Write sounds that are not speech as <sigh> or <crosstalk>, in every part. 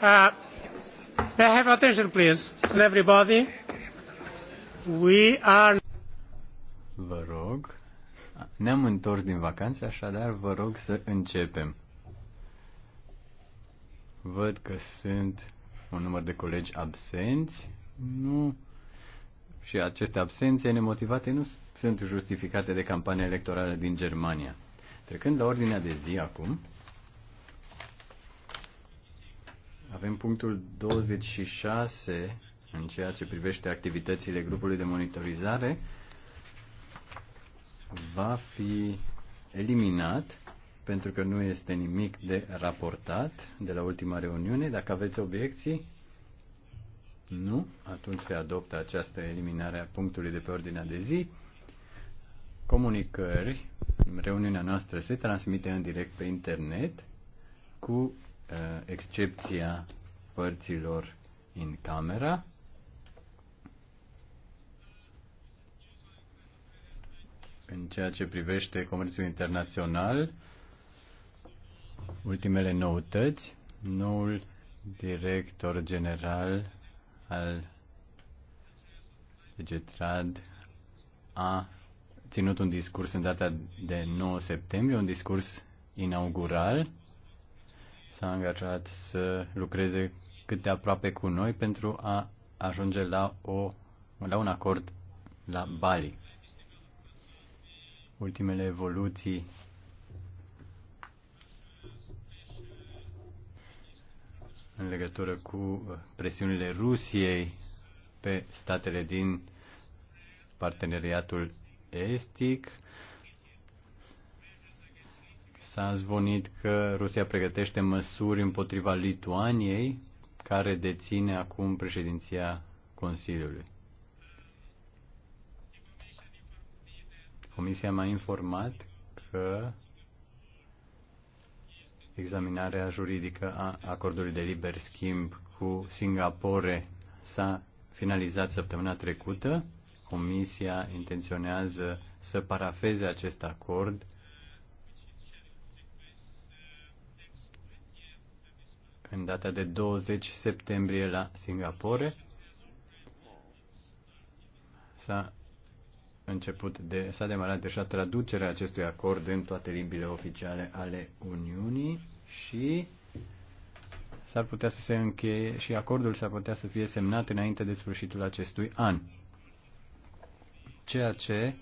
Uh, may I have attention, please, everybody. We are... Vă rog. Ne-am întors din vacanță, așadar vă rog să începem. Văd că sunt un număr de colegi absenți. Nu. Și aceste absențe nemotivate nu sunt justificate de campania electorală din Germania. Trecând la ordinea de zi acum, Avem punctul 26 în ceea ce privește activitățile grupului de monitorizare. Va fi eliminat pentru că nu este nimic de raportat de la ultima reuniune. Dacă aveți obiecții, nu, atunci se adoptă această eliminare a punctului de pe ordinea de zi. Comunicări, reuniunea noastră se transmite în direct pe internet cu Uh, excepția părților în camera. În ceea ce privește comerțul internațional, ultimele noutăți, noul director general al Getrad a ținut un discurs în data de 9 septembrie, un discurs inaugural s-a angajat să lucreze cât de aproape cu noi pentru a ajunge la, o, la un acord la Bali. Ultimele evoluții în legătură cu presiunile Rusiei pe statele din parteneriatul estic S-a zvonit că Rusia pregătește măsuri împotriva Lituaniei, care deține acum președinția Consiliului. Comisia m-a informat că examinarea juridică a acordului de liber schimb cu Singapore s-a finalizat săptămâna trecută. Comisia intenționează să parafeze acest acord în data de 20 septembrie la Singapore. S-a început de, s-a demarat deja traducerea acestui acord în toate limbile oficiale ale Uniunii și s-ar putea să se încheie și acordul s-ar putea să fie semnat înainte de sfârșitul acestui an. Ceea ce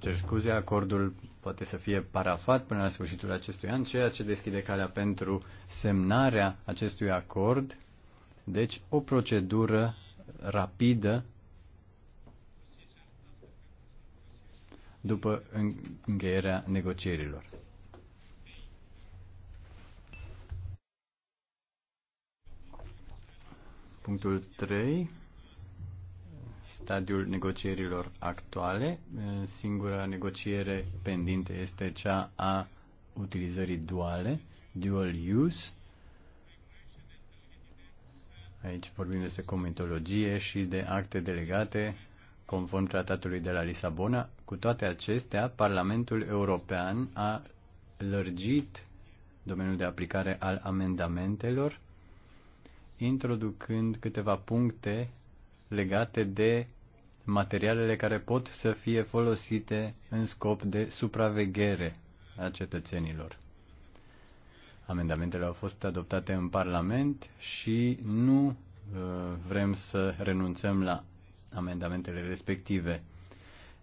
cer scuze, acordul poate să fie parafat până la sfârșitul acestui an, ceea ce deschide calea pentru semnarea acestui acord. Deci, o procedură rapidă după încheierea negocierilor. Punctul 3 stadiul negocierilor actuale. Singura negociere pendinte este cea a utilizării duale, dual use. Aici vorbim despre comitologie și de acte delegate conform tratatului de la Lisabona. Cu toate acestea, Parlamentul European a lărgit domeniul de aplicare al amendamentelor, introducând câteva puncte legate de materialele care pot să fie folosite în scop de supraveghere a cetățenilor. Amendamentele au fost adoptate în Parlament și nu uh, vrem să renunțăm la amendamentele respective.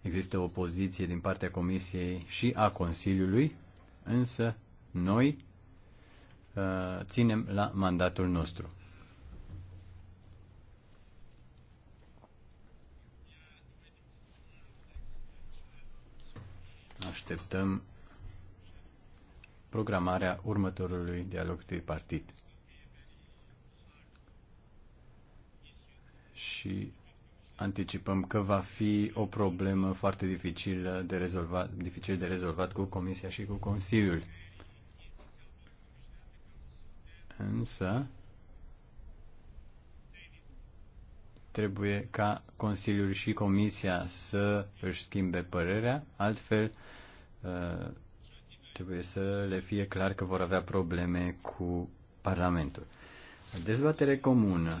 Există o poziție din partea Comisiei și a Consiliului, însă noi uh, ținem la mandatul nostru. așteptăm programarea următorului dialog de partid. Și anticipăm că va fi o problemă foarte dificilă de rezolvat, dificil de rezolvat cu Comisia și cu Consiliul. Însă, trebuie ca Consiliul și Comisia să își schimbe părerea, altfel Uh, trebuie să le fie clar că vor avea probleme cu Parlamentul. Dezbatere comună.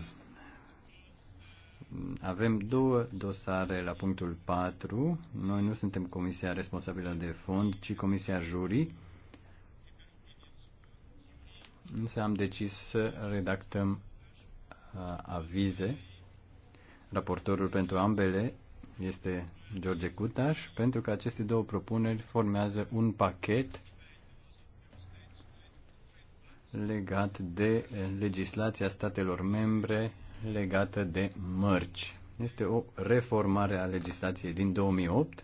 Avem două dosare la punctul 4. Noi nu suntem comisia responsabilă de fond, ci comisia jurii. Însă am decis să redactăm uh, avize. Raportorul pentru ambele este George Cutaș, pentru că aceste două propuneri formează un pachet legat de legislația statelor membre legată de mărci. Este o reformare a legislației din 2008.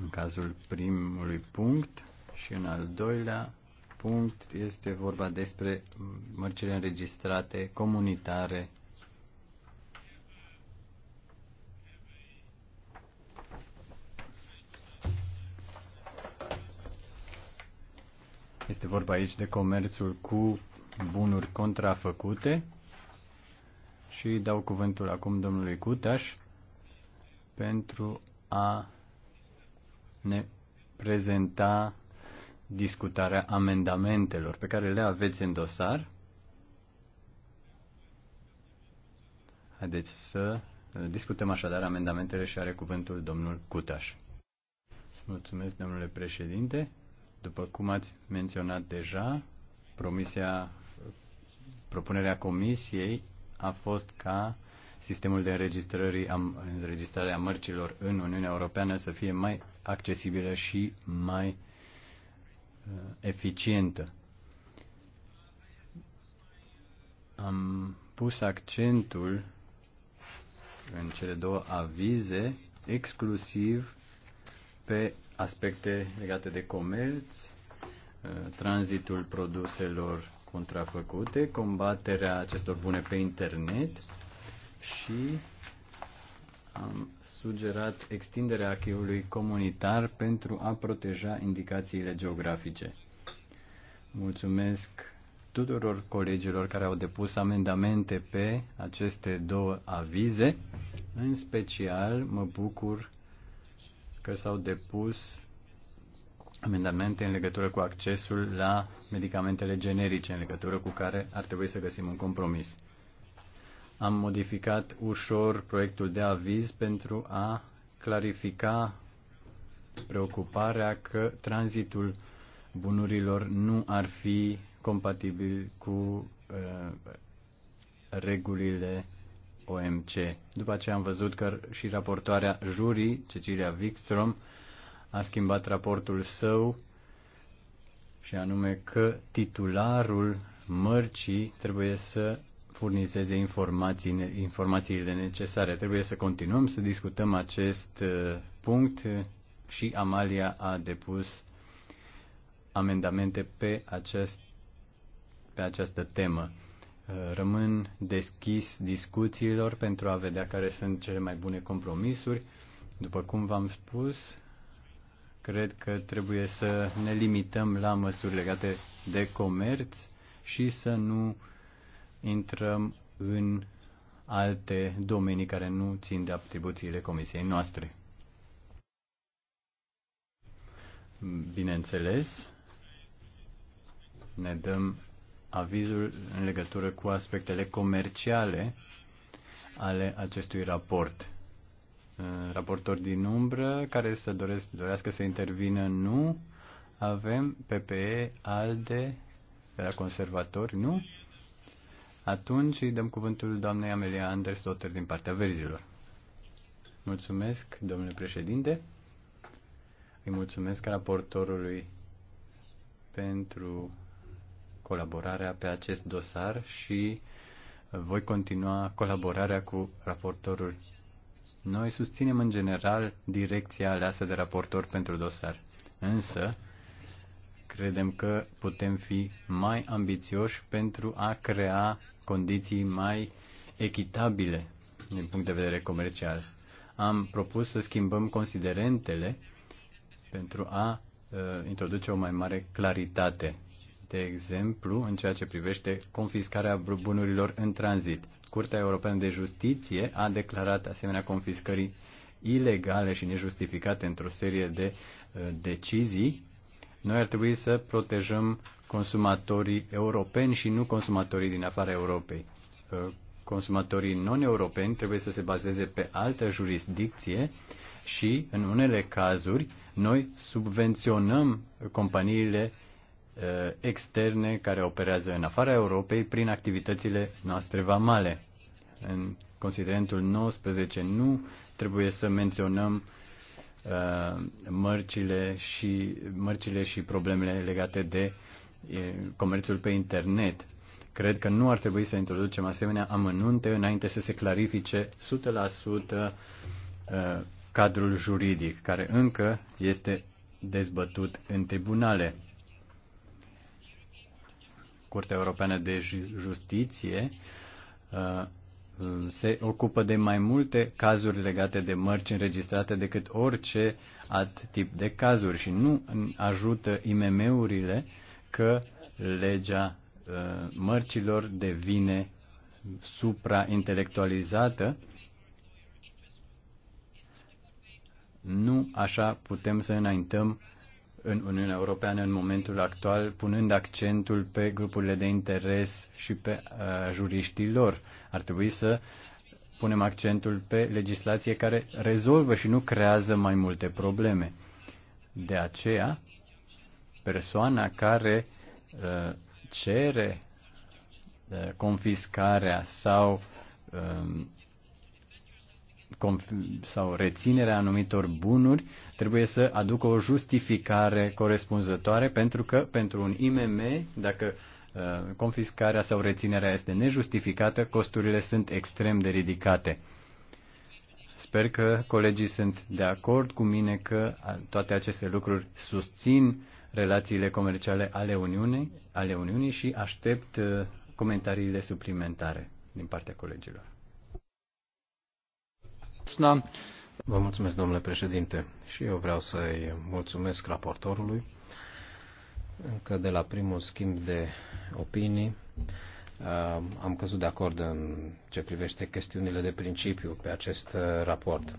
În cazul primului punct și în al doilea punct este vorba despre mărcile înregistrate comunitare Este vorba aici de comerțul cu bunuri contrafăcute și dau cuvântul acum domnului Cutaș pentru a ne prezenta discutarea amendamentelor pe care le aveți în dosar. Haideți să discutăm așadar amendamentele și are cuvântul domnul Cutaș. Mulțumesc, domnule președinte. După cum ați menționat deja, promisia, propunerea comisiei a fost ca sistemul de înregistrări, înregistrare a mărcilor în Uniunea Europeană să fie mai accesibilă și mai uh, eficientă. Am pus accentul în cele două avize exclusiv pe aspecte legate de comerț, uh, tranzitul produselor contrafăcute, combaterea acestor bune pe internet și am sugerat extinderea acheului comunitar pentru a proteja indicațiile geografice. Mulțumesc tuturor colegilor care au depus amendamente pe aceste două avize. În special mă bucur că s-au depus amendamente în legătură cu accesul la medicamentele generice, în legătură cu care ar trebui să găsim un compromis. Am modificat ușor proiectul de aviz pentru a clarifica preocuparea că tranzitul bunurilor nu ar fi compatibil cu uh, regulile OMC. După ce am văzut că și raportoarea jurii, Cecilia Wikström, a schimbat raportul său și anume că titularul mărcii trebuie să furnizeze informații, informațiile necesare. Trebuie să continuăm să discutăm acest uh, punct și Amalia a depus amendamente pe, acest, pe această temă. Rămân deschis discuțiilor pentru a vedea care sunt cele mai bune compromisuri. După cum v-am spus, cred că trebuie să ne limităm la măsuri legate de comerț și să nu intrăm în alte domenii care nu țin de atribuțiile comisiei noastre. Bineînțeles, ne dăm avizul în legătură cu aspectele comerciale ale acestui raport. Uh, Raportori din umbră care să doresc, dorească să intervină, nu. Avem PPE, ALDE, de la conservatori, nu? Atunci îi dăm cuvântul doamnei Amelia Andersdotter din partea verzilor. Mulțumesc, domnule președinte. Îi mulțumesc raportorului pentru colaborarea pe acest dosar și voi continua colaborarea cu raportorul. Noi susținem în general direcția aleasă de raportor pentru dosar, însă credem că putem fi mai ambițioși pentru a crea condiții mai echitabile din punct de vedere comercial. Am propus să schimbăm considerentele pentru a uh, introduce o mai mare claritate de exemplu, în ceea ce privește confiscarea bunurilor în tranzit. Curtea Europeană de Justiție a declarat asemenea confiscării ilegale și nejustificate într-o serie de uh, decizii. Noi ar trebui să protejăm consumatorii europeni și nu consumatorii din afara Europei. Uh, consumatorii non-europeni trebuie să se bazeze pe altă jurisdicție și, în unele cazuri, noi subvenționăm companiile Uh, externe care operează în afara Europei prin activitățile noastre vamale. În considerentul 19 nu trebuie să menționăm uh, mărcile, și, mărcile și problemele legate de comerțul pe internet. Cred că nu ar trebui să introducem asemenea amănunte înainte să se clarifice 100% uh, cadrul juridic, care încă este dezbătut în tribunale. Curtea Europeană de Justiție uh, se ocupă de mai multe cazuri legate de mărci înregistrate decât orice alt tip de cazuri și nu ajută IMM-urile că legea uh, mărcilor devine supraintelectualizată. Nu așa putem să înaintăm în Uniunea Europeană în momentul actual, punând accentul pe grupurile de interes și pe uh, juriștii lor. Ar trebui să punem accentul pe legislație care rezolvă și nu creează mai multe probleme. De aceea, persoana care uh, cere uh, confiscarea sau uh, sau reținerea anumitor bunuri trebuie să aducă o justificare corespunzătoare pentru că pentru un IMM, dacă uh, confiscarea sau reținerea este nejustificată, costurile sunt extrem de ridicate. Sper că colegii sunt de acord cu mine că toate aceste lucruri susțin relațiile comerciale ale Uniunii, ale Uniunii și aștept uh, comentariile suplimentare din partea colegilor. Vă mulțumesc, domnule președinte, și eu vreau să-i mulțumesc raportorului. Încă de la primul schimb de opinii uh, am căzut de acord în ce privește chestiunile de principiu pe acest uh, raport.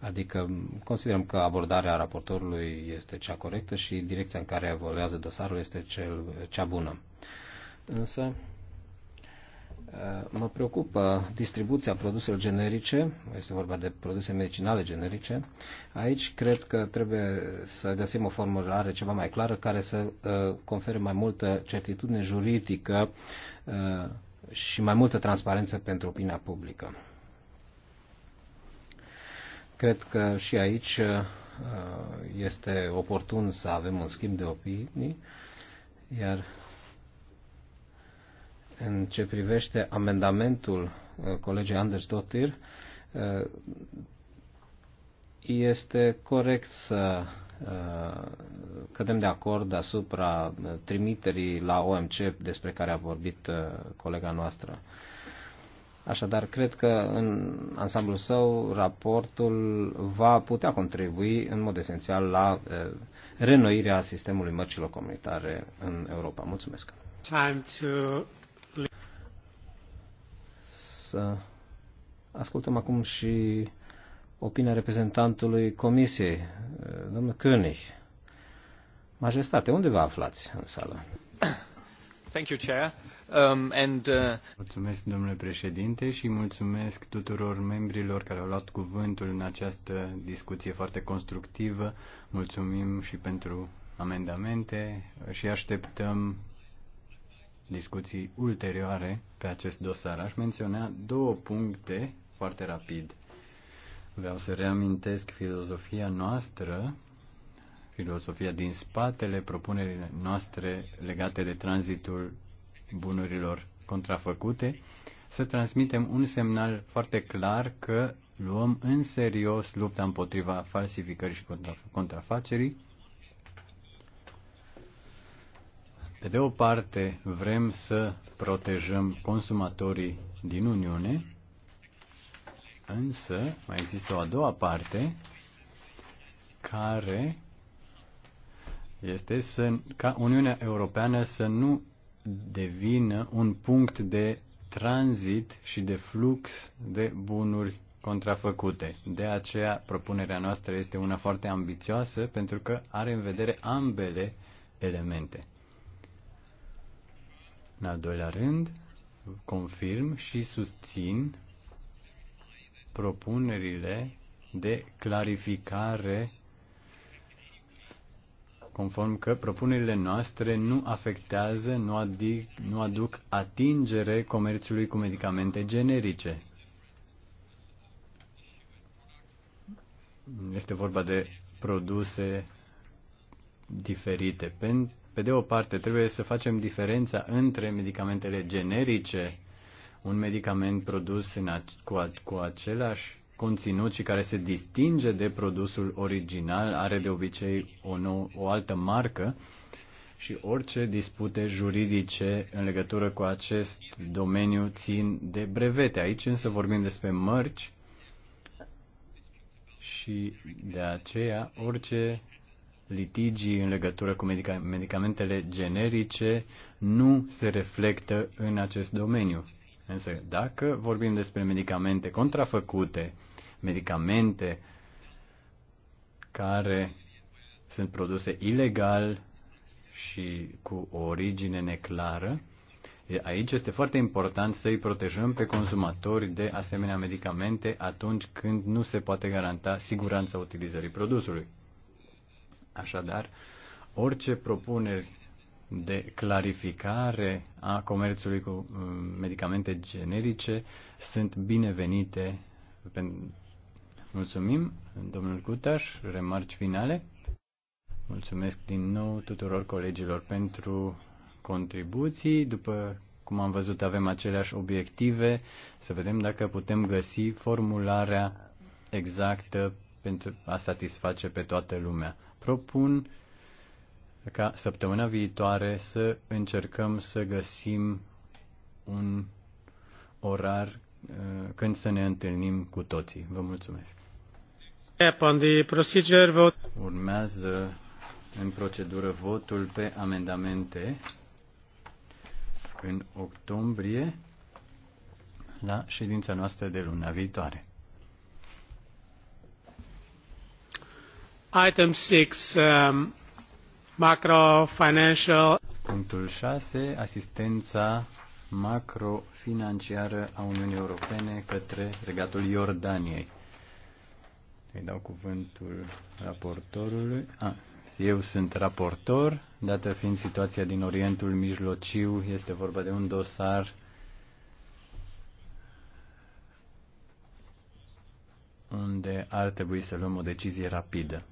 Adică considerăm că abordarea raportorului este cea corectă și direcția în care evoluează dosarul este cea bună. Însă Mă preocupă distribuția produselor generice, este vorba de produse medicinale generice. Aici cred că trebuie să găsim o formulare ceva mai clară care să uh, confere mai multă certitudine juridică uh, și mai multă transparență pentru opinia publică. Cred că și aici uh, este oportun să avem un schimb de opinii, iar în ce privește amendamentul uh, colegii Anders Dottir, uh, este corect să uh, cădem de acord asupra trimiterii la OMC despre care a vorbit colega noastră. Așadar, cred că în ansamblul său raportul va putea contribui în mod esențial la renoirea sistemului mărcilor comunitare în Europa. Mulțumesc! Time to să ascultăm acum și opinia reprezentantului Comisiei, domnul König. Majestate, unde vă aflați în sală? Thank you, Chair. Um, and, uh... Mulțumesc, domnule președinte, și mulțumesc tuturor membrilor care au luat cuvântul în această discuție foarte constructivă. Mulțumim și pentru amendamente și așteptăm discuții ulterioare pe acest dosar. Aș menționa două puncte foarte rapid. Vreau să reamintesc filozofia noastră, filozofia din spatele propunerii noastre legate de tranzitul bunurilor contrafăcute, să transmitem un semnal foarte clar că luăm în serios lupta împotriva falsificării și contrafacerii Pe de o parte, vrem să protejăm consumatorii din Uniune, însă mai există o a doua parte care este să, ca Uniunea Europeană să nu devină un punct de tranzit și de flux de bunuri contrafăcute. De aceea, propunerea noastră este una foarte ambițioasă pentru că are în vedere ambele elemente. În al doilea rând, confirm și susțin propunerile de clarificare conform că propunerile noastre nu afectează, nu, adic, nu aduc atingere comerțului cu medicamente generice. Este vorba de produse diferite. Pentru pe de o parte, trebuie să facem diferența între medicamentele generice, un medicament produs în ac- cu, a- cu același conținut și care se distinge de produsul original, are de obicei o, nou, o altă marcă și orice dispute juridice în legătură cu acest domeniu țin de brevete. Aici însă vorbim despre mărci și de aceea orice litigii în legătură cu medicamentele generice nu se reflectă în acest domeniu. Însă, dacă vorbim despre medicamente contrafăcute, medicamente care sunt produse ilegal și cu o origine neclară, aici este foarte important să îi protejăm pe consumatori de asemenea medicamente atunci când nu se poate garanta siguranța utilizării produsului. Așadar, orice propuneri de clarificare a comerțului cu uh, medicamente generice sunt binevenite. Mulțumim, domnul Cutaș, remarci finale. Mulțumesc din nou tuturor colegilor pentru contribuții. După cum am văzut, avem aceleași obiective. Să vedem dacă putem găsi formularea exactă pentru a satisface pe toată lumea. Propun ca săptămâna viitoare să încercăm să găsim un orar uh, când să ne întâlnim cu toții. Vă mulțumesc. Urmează în procedură votul pe amendamente în octombrie la ședința noastră de luna viitoare. Item 6, um, macro financial. Punctul 6, asistența macrofinanciară a Uniunii Europene către regatul Iordaniei. Îi dau cuvântul raportorului. Ah, eu sunt raportor, dată fiind situația din Orientul Mijlociu, este vorba de un dosar unde ar trebui să luăm o decizie rapidă.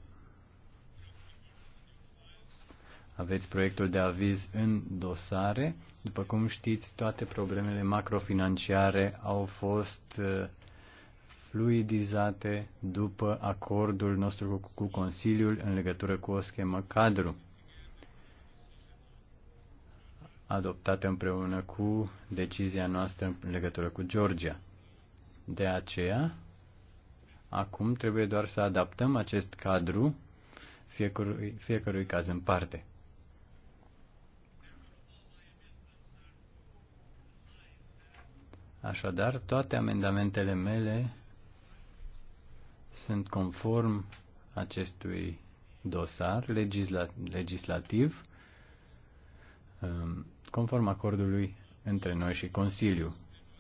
Aveți proiectul de aviz în dosare. După cum știți, toate problemele macrofinanciare au fost uh, fluidizate după acordul nostru cu Consiliul în legătură cu o schemă cadru adoptată împreună cu decizia noastră în legătură cu Georgia. De aceea, acum trebuie doar să adaptăm acest cadru fiecărui, fiecărui caz în parte. Așadar, toate amendamentele mele sunt conform acestui dosar legisla- legislativ, um, conform acordului între noi și Consiliu.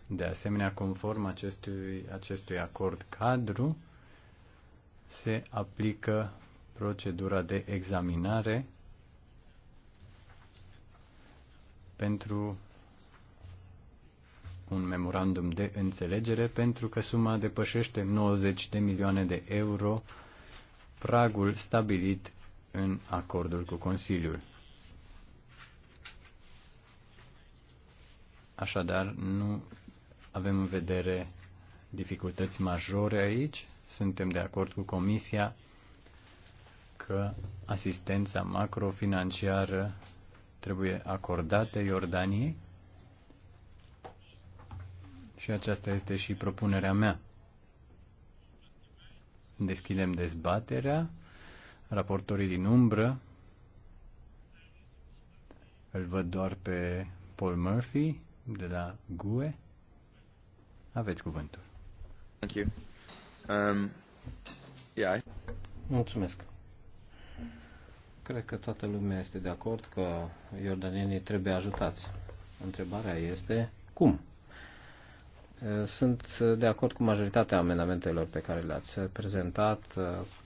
De asemenea, conform acestui, acestui acord cadru, se aplică procedura de examinare pentru un memorandum de înțelegere pentru că suma depășește 90 de milioane de euro pragul stabilit în acordul cu Consiliul. Așadar, nu avem în vedere dificultăți majore aici. Suntem de acord cu Comisia că asistența macrofinanciară trebuie acordată Iordaniei și aceasta este și propunerea mea. Deschidem dezbaterea. Raportorii din umbră. Îl văd doar pe Paul Murphy de la GUE. Aveți cuvântul. Thank you. Um, yeah. Mulțumesc. Cred că toată lumea este de acord că iordanienii trebuie ajutați. Întrebarea este cum? Sunt de acord cu majoritatea amendamentelor pe care le-ați prezentat,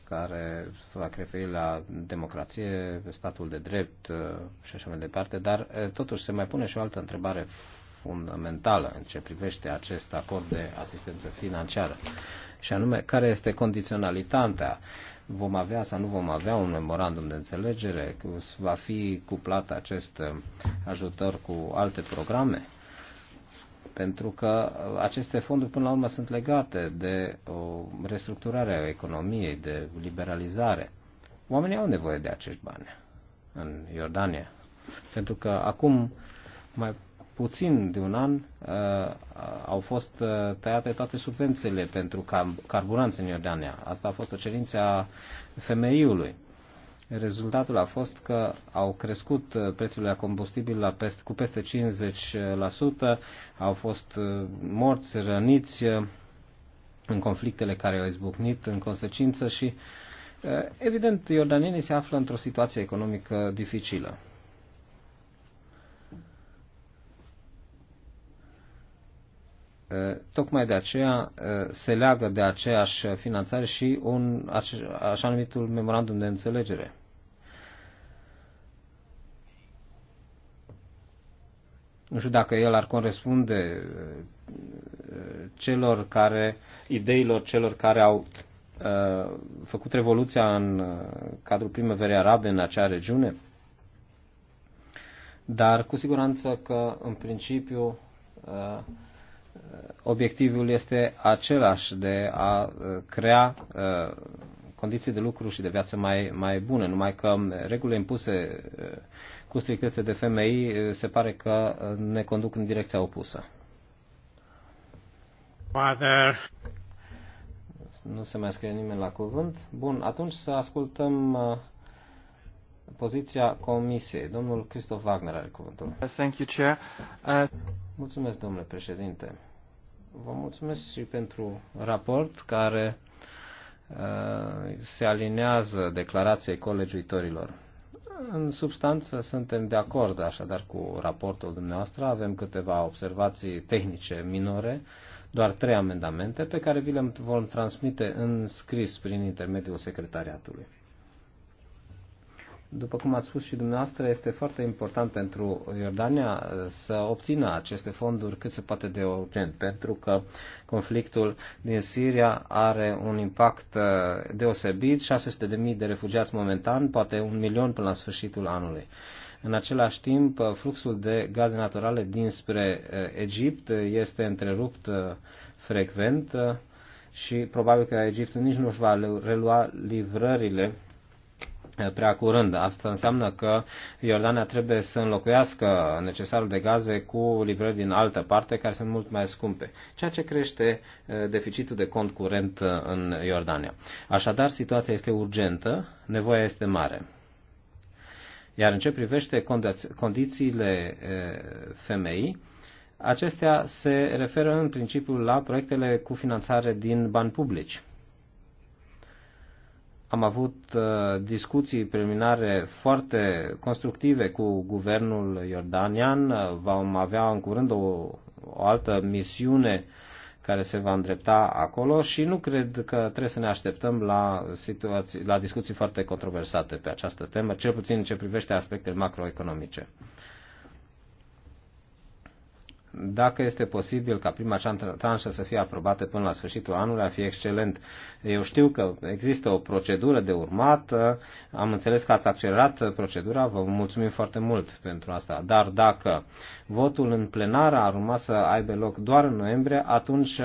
care fac referi la democrație, statul de drept uh, și așa mai departe, dar uh, totuși se mai pune și o altă întrebare fundamentală în ce privește acest acord de asistență financiară, și anume care este condiționalitatea. Vom avea sau nu vom avea un memorandum de înțelegere? Va fi cuplat acest uh, ajutor cu alte programe? pentru că aceste fonduri până la urmă sunt legate de o restructurare a economiei, de liberalizare. Oamenii au nevoie de acești bani în Iordania, pentru că acum mai puțin de un an uh, au fost uh, tăiate toate subvențiile pentru carburanți în Iordania. Asta a fost o cerință a femeiului. Uh, Rezultatul a fost că au crescut uh, prețurile a combustibil la peste, cu peste 50%, au fost uh, morți, răniți uh, în conflictele care au izbucnit în consecință și, evident, iordanienii se află într-o situație economică dificilă. tocmai de aceea se leagă de aceeași finanțare și un, așa numitul memorandum de înțelegere. Nu știu dacă el ar corespunde uh, celor care, ideilor celor care au uh, făcut revoluția în uh, cadrul primăverii arabe în acea regiune, dar cu siguranță că în principiu uh, obiectivul este același de a uh, crea uh, condiții de lucru și de viață mai, mai bune, numai că um, regulile impuse cu strictețe de femei eh, se pare că eh, ne conduc în direcția opusă. Father. Nu se mai scrie nimeni la cuvânt. Bun, atunci să ascultăm eh, poziția comisiei. Domnul Christoph Wagner are cuvântul. Thank you, Chair. Uh... Mulțumesc, domnule președinte. Vă mulțumesc și pentru raport care uh, se alinează declarației colegiuitorilor. În substanță suntem de acord așadar cu raportul dumneavoastră, avem câteva observații tehnice minore, doar trei amendamente pe care vi le vom transmite în scris prin intermediul secretariatului după cum ați spus și dumneavoastră, este foarte important pentru Iordania uh, să obțină aceste fonduri cât se poate de urgent, pentru că conflictul din Siria are un impact uh, deosebit, 600.000 de refugiați momentan, poate un milion până la sfârșitul anului. În același timp, uh, fluxul de gaze naturale dinspre Egipt este întrerupt frecvent și probabil că Egiptul nici nu își va relua livrările prea curând. Asta înseamnă că Iordania trebuie să înlocuiască necesarul de gaze cu livrări din altă parte care sunt mult mai scumpe, ceea ce crește eh, deficitul de cont curent eh, în Iordania. Așadar, situația este urgentă, nevoia este mare. Iar în ce privește condițiile eh, femeii, acestea se referă în principiu la proiectele cu finanțare din bani publici am avut uh, discuții preliminare foarte constructive cu guvernul iordanian. Uh, vom avea în curând o, o altă misiune care se va îndrepta acolo și nu cred că trebuie să ne așteptăm la, situații, la discuții foarte controversate pe această temă, cel puțin în ce privește aspectele macroeconomice dacă este posibil ca prima tranșă să fie aprobată până la sfârșitul anului, ar fi excelent. Eu știu că există o procedură de urmat, am înțeles că ați accelerat procedura, vă mulțumim foarte mult pentru asta. Dar dacă votul în plenară ar urma să aibă loc doar în noiembrie, atunci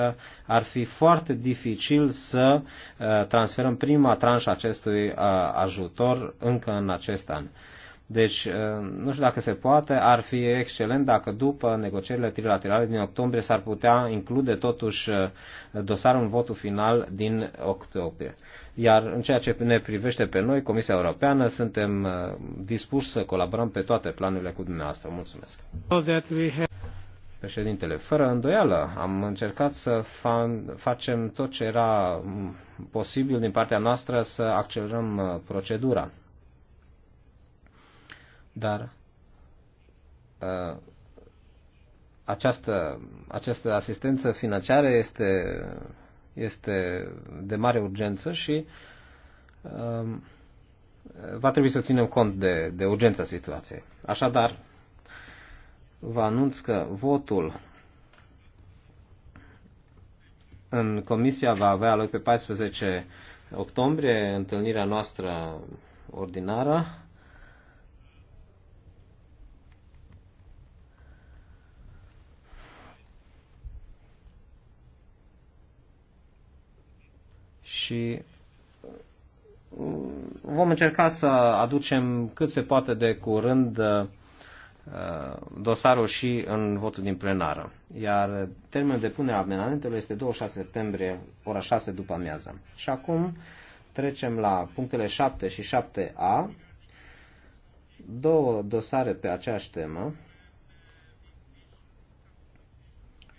ar fi foarte dificil să uh, transferăm prima tranșă acestui uh, ajutor încă în acest an. Deci, uh, nu știu dacă se poate, ar fi excelent dacă după negocierile trilaterale din octombrie s-ar putea include totuși uh, dosarul în votul final din octombrie. Iar în ceea ce ne privește pe noi, Comisia Europeană, suntem uh, dispuși să colaborăm pe toate planurile cu dumneavoastră. Mulțumesc! Președintele, fără îndoială, am încercat să fa- facem tot ce era mm, posibil din partea noastră să accelerăm procedura dar uh, această, această asistență financiară este, este de mare urgență și uh, va trebui să ținem cont de, de urgența situației. Așadar, vă anunț că votul în comisia va avea loc pe 14 octombrie, întâlnirea noastră ordinară și uh, vom încerca să aducem cât se poate de curând uh, dosarul și în votul din plenară. Iar termenul de punere a amendamentelor este 26 septembrie, ora 6 după amiază. Și acum trecem la punctele 7 și 7a, două dosare pe aceeași temă.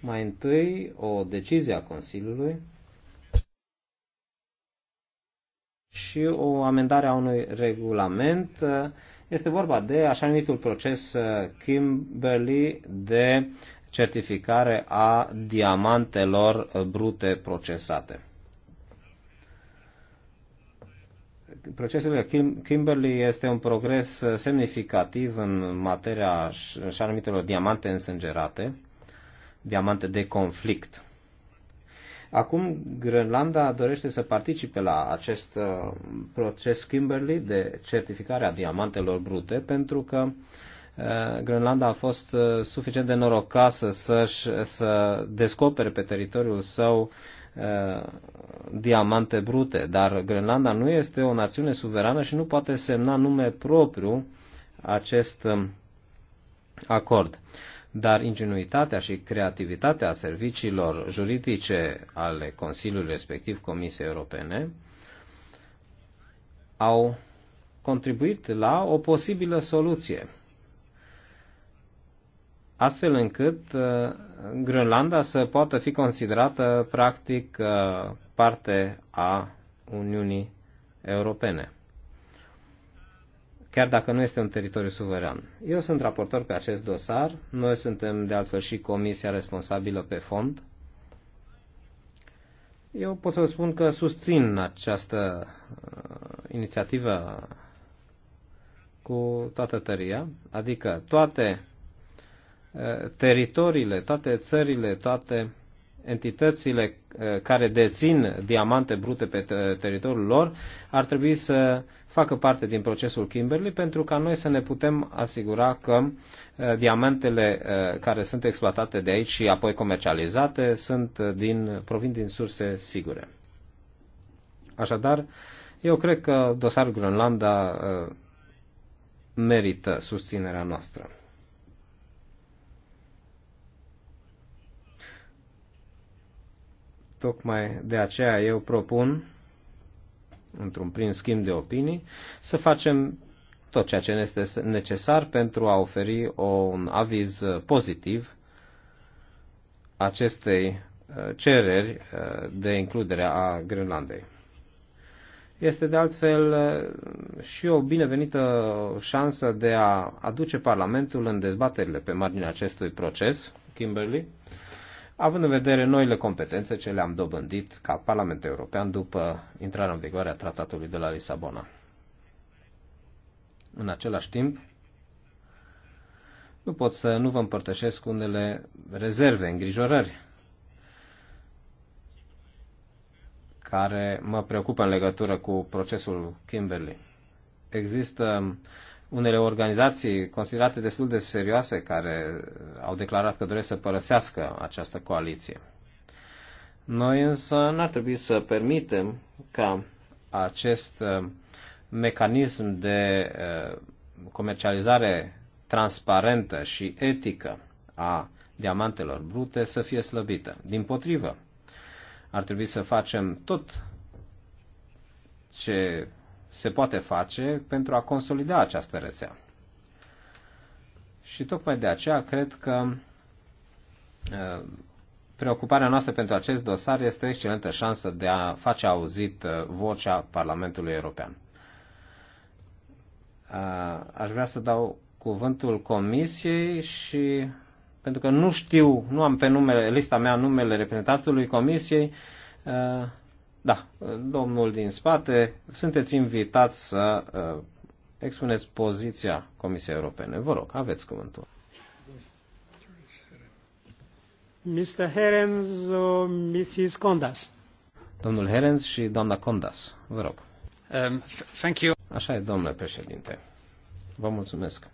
Mai întâi o decizie a Consiliului și o amendare a unui regulament. Este vorba de așa numitul proces uh, Kimberley de certificare a diamantelor uh, brute procesate. Procesul Kimberley este un progres uh, semnificativ în materia așa numitelor diamante însângerate, diamante de conflict. Acum Grenlanda dorește să participe la acest uh, proces Kimberley de certificare a diamantelor brute pentru că uh, Grenlanda a fost uh, suficient de norocasă să, să descopere pe teritoriul său diamante brute, dar Grenlanda nu este o națiune suverană și nu poate semna nume propriu acest um, acord dar ingenuitatea și creativitatea serviciilor juridice ale Consiliului respectiv Comisiei Europene au contribuit la o posibilă soluție, astfel încât uh, Grönlanda să poată fi considerată practic uh, parte a Uniunii Europene chiar dacă nu este un teritoriu suveran. Eu sunt raportor pe acest dosar, noi suntem de altfel și comisia responsabilă pe fond. Eu pot să vă spun că susțin această uh, inițiativă cu toată tăria, adică toate uh, teritoriile, toate țările, toate uh, entitățile uh, care dețin diamante brute pe teritoriul lor ar trebui să facă parte din procesul Kimberley pentru ca noi să ne putem asigura că uh, diamantele uh, care sunt exploatate de aici și apoi comercializate sunt din, provin din surse sigure. Așadar, eu cred că dosarul Groenlanda merită susținerea noastră. Tocmai de aceea eu propun, într-un prim schimb de opinii, să facem tot ceea ce ne este necesar pentru a oferi o, un aviz pozitiv acestei uh, cereri uh, de includere a Grenlandei. Este de altfel uh, și o binevenită șansă de a aduce Parlamentul în dezbaterile pe marginea acestui proces, Kimberly, având în vedere noile competențe ce le-am dobândit ca Parlament European după intrarea în vigoare a Tratatului de la Lisabona. În același timp, nu pot să nu vă împărtășesc unele rezerve, îngrijorări care mă preocupă în legătură cu procesul Kimberley. Există unele organizații considerate destul de serioase care uh, au declarat că doresc să părăsească această coaliție. Noi însă n-ar trebui să permitem ca acest uh, mecanism de uh, comercializare transparentă și etică a diamantelor brute să fie slăbită. Din potrivă, ar trebui să facem tot ce se poate face pentru a consolida această rețea. Și tocmai de aceea cred că uh, preocuparea noastră pentru acest dosar este o excelentă șansă de a face auzit uh, vocea Parlamentului European. Uh, aș vrea să dau cuvântul Comisiei și pentru că nu știu, nu am pe numele, lista mea numele reprezentantului Comisiei, da, domnul din spate, sunteți invitați să uh, expuneți poziția Comisiei Europene. Vă rog, aveți cuvântul. Mr. Herens uh, Mrs. Condas? Domnul Herens și doamna Condas, vă rog. Um, thank you. Așa e, domnule președinte. Vă mulțumesc,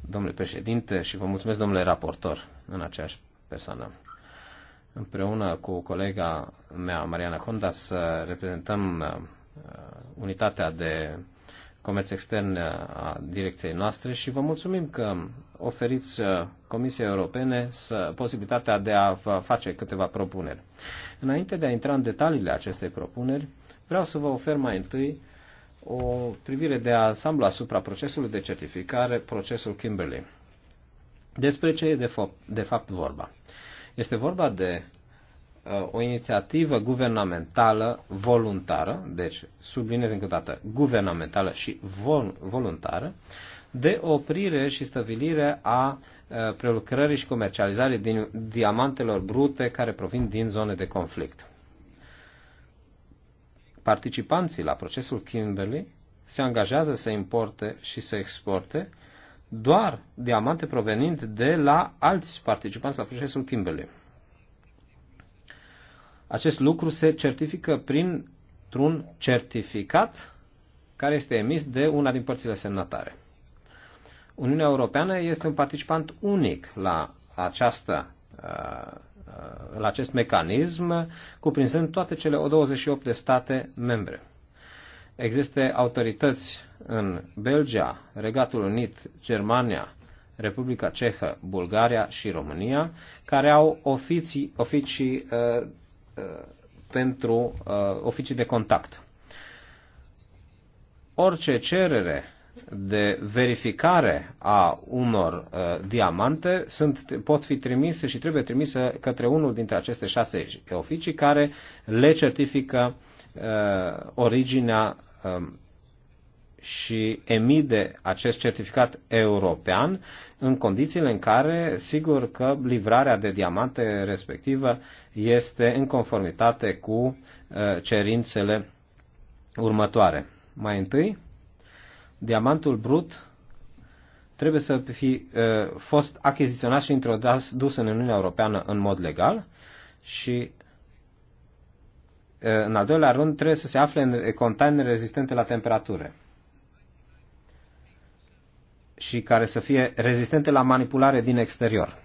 domnule președinte, și vă mulțumesc, domnule raportor, în aceeași persoană împreună cu colega mea, Mariana Honda, să reprezentăm uh, unitatea de comerț extern uh, a direcției noastre și vă mulțumim că oferiți uh, Comisiei Europene să, posibilitatea de a vă face câteva propuneri. Înainte de a intra în detaliile acestei propuneri, vreau să vă ofer mai întâi o privire de ansamblu asupra procesului de certificare, procesul Kimberley. Despre ce e de, fo- de fapt vorba? Uh, este vorba de uh, o inițiativă guvernamentală voluntară, deci sublinez încă o dată, guvernamentală și vol- voluntară, de oprire și stăvilire a uh, prelucrării și comercializării din diamantelor brute care provin din zone de conflict. Participanții la procesul Kimberley se angajează să importe și să exporte doar diamante provenind de la alți participanți la procesul Kimberley. Acest lucru se certifică printr-un certificat care este emis de una din părțile semnatare. Uniunea Europeană este un participant unic la, această, uh, uh, la acest mecanism, cuprinzând toate cele 28 de state membre existe autorități în Belgia, Regatul Unit, Germania, Republica Cehă, Bulgaria și România, care au oficii, oficii uh, uh, pentru uh, oficii de contact. Orice cerere de verificare a unor uh, diamante sunt, pot fi trimise și trebuie trimise către unul dintre aceste șase oficii care le certifică Uh, originea um, și emide acest certificat european în condițiile în care, sigur că livrarea de diamante respectivă este în conformitate cu uh, cerințele următoare. Mai întâi, diamantul brut trebuie să fi uh, fost achiziționat și introdus în Uniunea Europeană în mod legal și Uh, în al doilea rând, trebuie să se afle în containere rezistente la temperatură și care să fie rezistente la manipulare din exterior.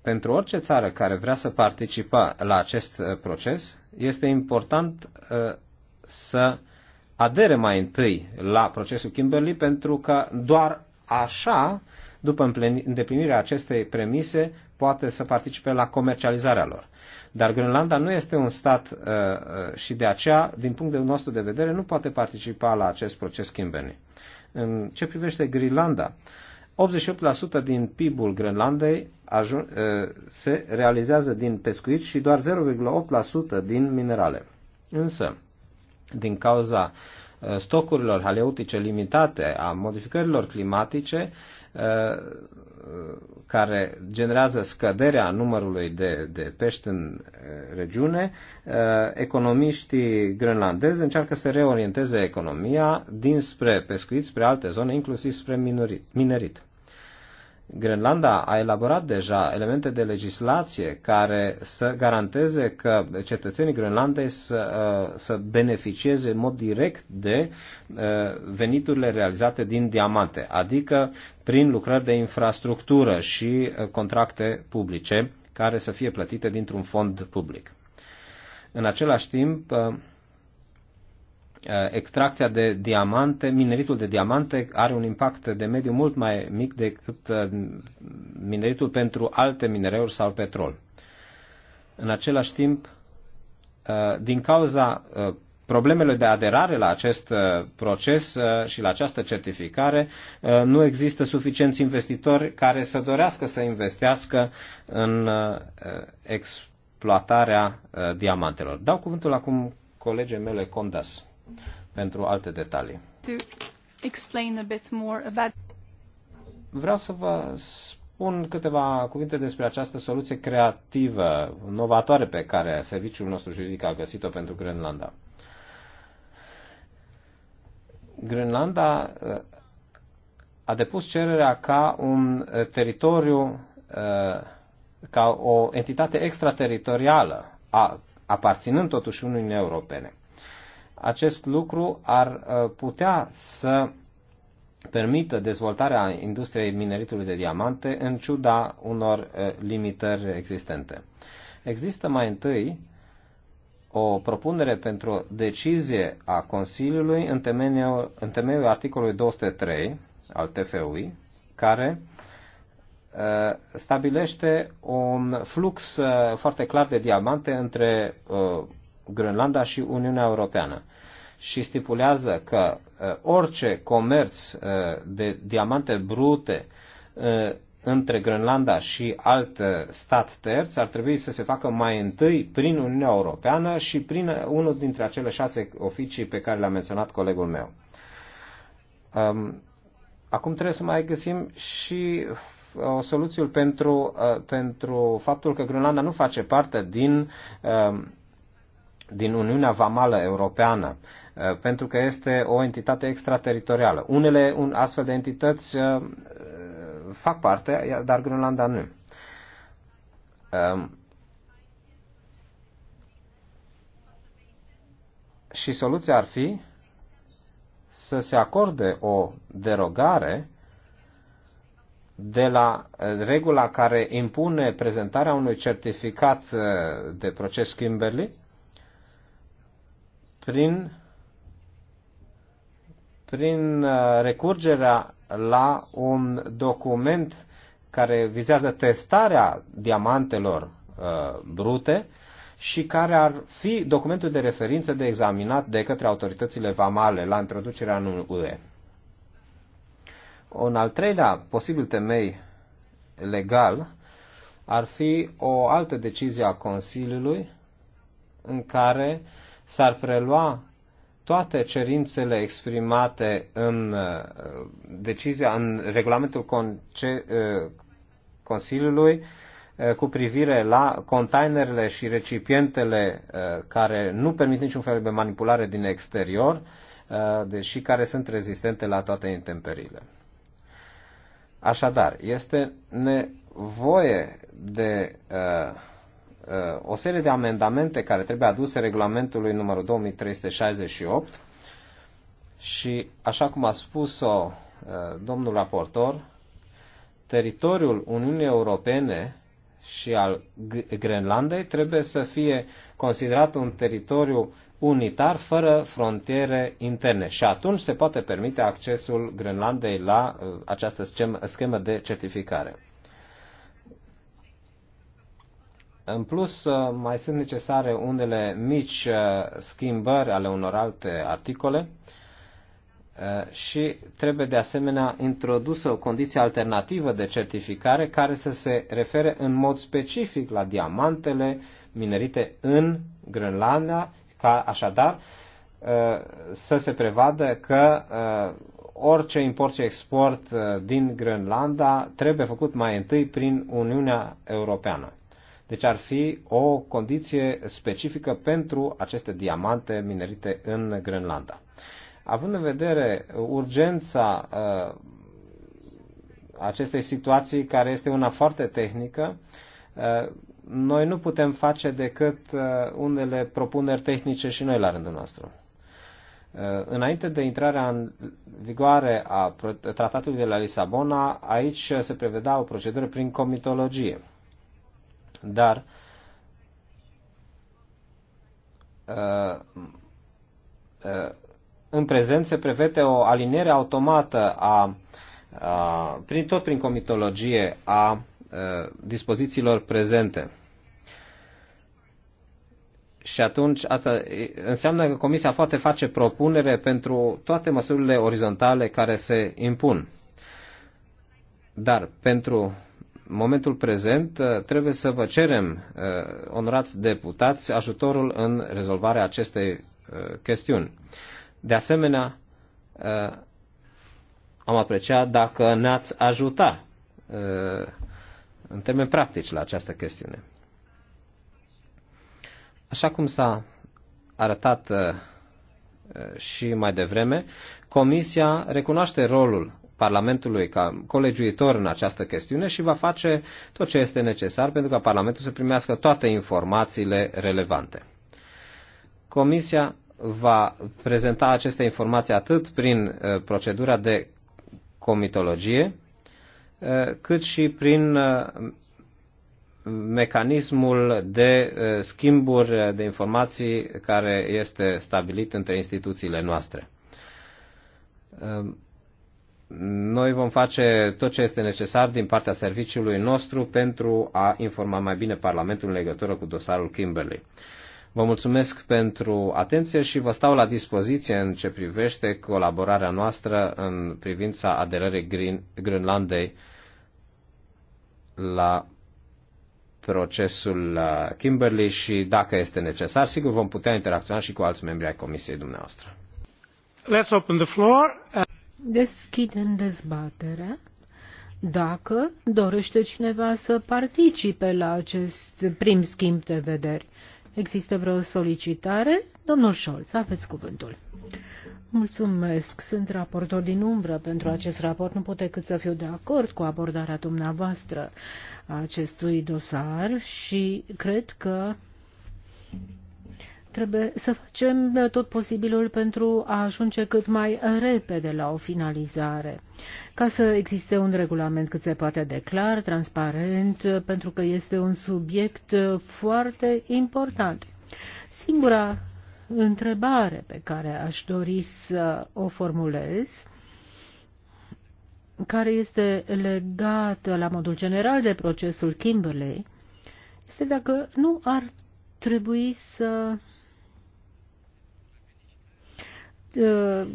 Pentru orice țară care vrea să participa la acest uh, proces, este important uh, să adere mai întâi la procesul Kimberley, pentru că doar așa, după îndeplinirea acestei premise, poate să participe la comercializarea lor. Dar Groenlanda nu este un stat uh, uh, și de aceea, din punctul nostru de vedere, nu poate participa la acest proces Kimberley. În ce privește Grenlanda, 88% din PIB-ul Grenlandei ajun, uh, se realizează din pescuit și doar 0,8% din minerale. Însă, din cauza uh, stocurilor haleutice limitate, a modificărilor climatice, Uh, care generează scăderea numărului de, de pești în uh, regiune, uh, economiștii grenlandezi încearcă să reorienteze economia dinspre pescuit, spre alte zone, inclusiv spre minerit. Grenlanda a elaborat deja elemente de legislație care să garanteze că cetățenii Grenlandei să, uh, să beneficieze în mod direct de uh, veniturile realizate din diamante, adică prin lucrări de infrastructură și uh, contracte publice care să fie plătite dintr-un fond public. În același timp, Eh, extracția de diamante, mineritul de diamante are un impact de mediu mult mai mic decât eh, mineritul pentru alte minereuri sau petrol. În același timp, eh, din cauza problemelor de aderare la acest proces și la această certificare, nu există suficienți investitori care să dorească să investească în exploatarea diamantelor. Dau cuvântul acum colegii mele Condas pentru alte detalii. Vreau să vă spun câteva cuvinte despre această soluție creativă, novatoare pe care serviciul nostru juridic a găsit-o pentru Grenlanda. Grenlanda eh, a depus cererea ca un eh, teritoriu, eh, ca o entitate extrateritorială, aparținând totuși Uniunii Europene acest lucru ar uh, putea să permită dezvoltarea industriei mineritului de diamante în ciuda unor uh, limitări existente. Există mai întâi o propunere pentru decizie a Consiliului în temeiul, în temeiul articolului 203 al TFUI, care uh, stabilește un flux foarte clar de diamante între Groenlanda și Uniunea Europeană și stipulează că uh, orice comerț uh, de diamante brute uh, între Groenlanda și alt stat terț ar trebui să se facă mai întâi prin Uniunea Europeană și prin unul dintre acele șase oficii pe care le-a menționat colegul meu. Um, acum trebuie să mai găsim și o soluție pentru, pentru faptul că Groenlanda nu face parte din din Uniunea Vamală Europeană, uh, pentru că este o entitate extrateritorială. Unele un, astfel de entități uh, uh, fac parte, dar Groenlanda nu. Um, și soluția ar fi să se acorde o derogare de la regula care impune prezentarea unui certificat de proces Kimberley prin, prin uh, recurgerea la un document care vizează testarea diamantelor uh, brute și care ar fi documentul de referință de examinat de către autoritățile vamale la introducerea în UE. Un al treilea posibil temei legal ar fi o altă decizie a Consiliului în care uh, s-ar prelua toate cerințele exprimate în uh, decizia, în regulamentul uh, Consiliului uh, cu privire la containerele și recipientele care nu permit niciun fel de manipulare din exterior, deși care sunt rezistente la toate intemperiile. Așadar, este nevoie de uh, Uh, o serie de amendamente care trebuie aduse regulamentului numărul 2368 și, așa cum a spus-o uh, domnul raportor, teritoriul Uniunii Europene și al Grenlandei trebuie să fie considerat un teritoriu unitar fără frontiere interne și atunci se poate permite accesul Grenlandei la uh, această schemă de certificare. În plus, uh, mai sunt necesare unele mici uh, schimbări ale unor alte articole uh, și trebuie de asemenea introdusă o condiție alternativă de certificare care să se refere în mod specific la diamantele minerite în Grânlanda, ca așadar să se prevadă că orice import și export din Grânlanda trebuie făcut mai întâi prin Uniunea Europeană. Deci ar fi o condiție specifică pentru aceste diamante minerite în Grenlanda. Având în vedere urgența uh, acestei situații, care este una foarte tehnică, uh, noi nu putem face decât uh, unele propuneri tehnice și noi la rândul nostru. Înainte de intrarea în vigoare a tratatului de la Lisabona, aici se prevedea o procedură prin comitologie. Dar uh, uh, în prezent se prevede o aliniere automată a, a prin, tot prin comitologie a, a uh, dispozițiilor prezente. Și atunci asta înseamnă că Comisia poate face propunere pentru toate măsurile orizontale care se impun. Dar pentru momentul prezent uh, trebuie să vă cerem, uh, onorați deputați, ajutorul în rezolvarea acestei uh, chestiuni. De asemenea, am apreciat dacă ne-ați ajuta în termeni practici la această chestiune. Așa cum s-a arătat și mai devreme, Comisia recunoaște rolul Parlamentului ca colegiuitor în această chestiune și va face tot ce este necesar pentru ca Parlamentul să primească toate informațiile relevante. Comisia va prezenta aceste informații atât prin uh, procedura de comitologie, uh, cât și prin uh, mecanismul de schimburi de informații care este stabilit între instituțiile noastre noi vom face tot ce este necesar din partea serviciului nostru pentru a informa mai bine Parlamentul în legătură cu dosarul Kimberley. Vă mulțumesc pentru atenție și vă stau la dispoziție în ce privește colaborarea noastră în privința aderării Green, la procesul uh, Kimberley și, dacă este necesar, sigur vom putea interacționa și cu alți membri ai comisiei dumneavoastră. Let's open the floor. Deschidem dezbaterea. Dacă dorește cineva să participe la acest prim schimb de vederi, există vreo solicitare? Domnul Scholz, aveți cuvântul. Mulțumesc. Sunt raportor din umbră pentru acest raport. Nu pot decât să fiu de acord cu abordarea dumneavoastră a acestui dosar și cred că Trebuie să facem tot posibilul pentru a ajunge cât mai repede la o finalizare, ca să existe un regulament cât se poate de clar, transparent, pentru că este un subiect foarte important. Singura întrebare pe care aș dori să o formulez care este legată la modul general de procesul Kimberley este dacă nu ar trebui să Uh,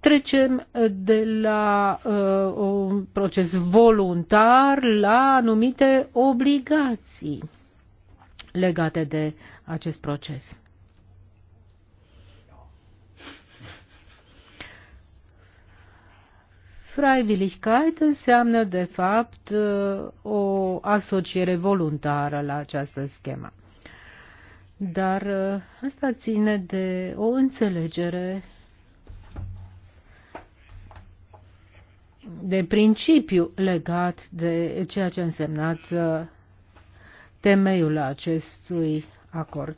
trecem uh, de la uh, un proces voluntar la anumite obligații legate de acest proces. Freiwilligkeit înseamnă, de fapt, uh, o asociere voluntară la această schemă. Dar asta ține de o înțelegere de principiu legat de ceea ce a însemnat uh, temeiul acestui acord.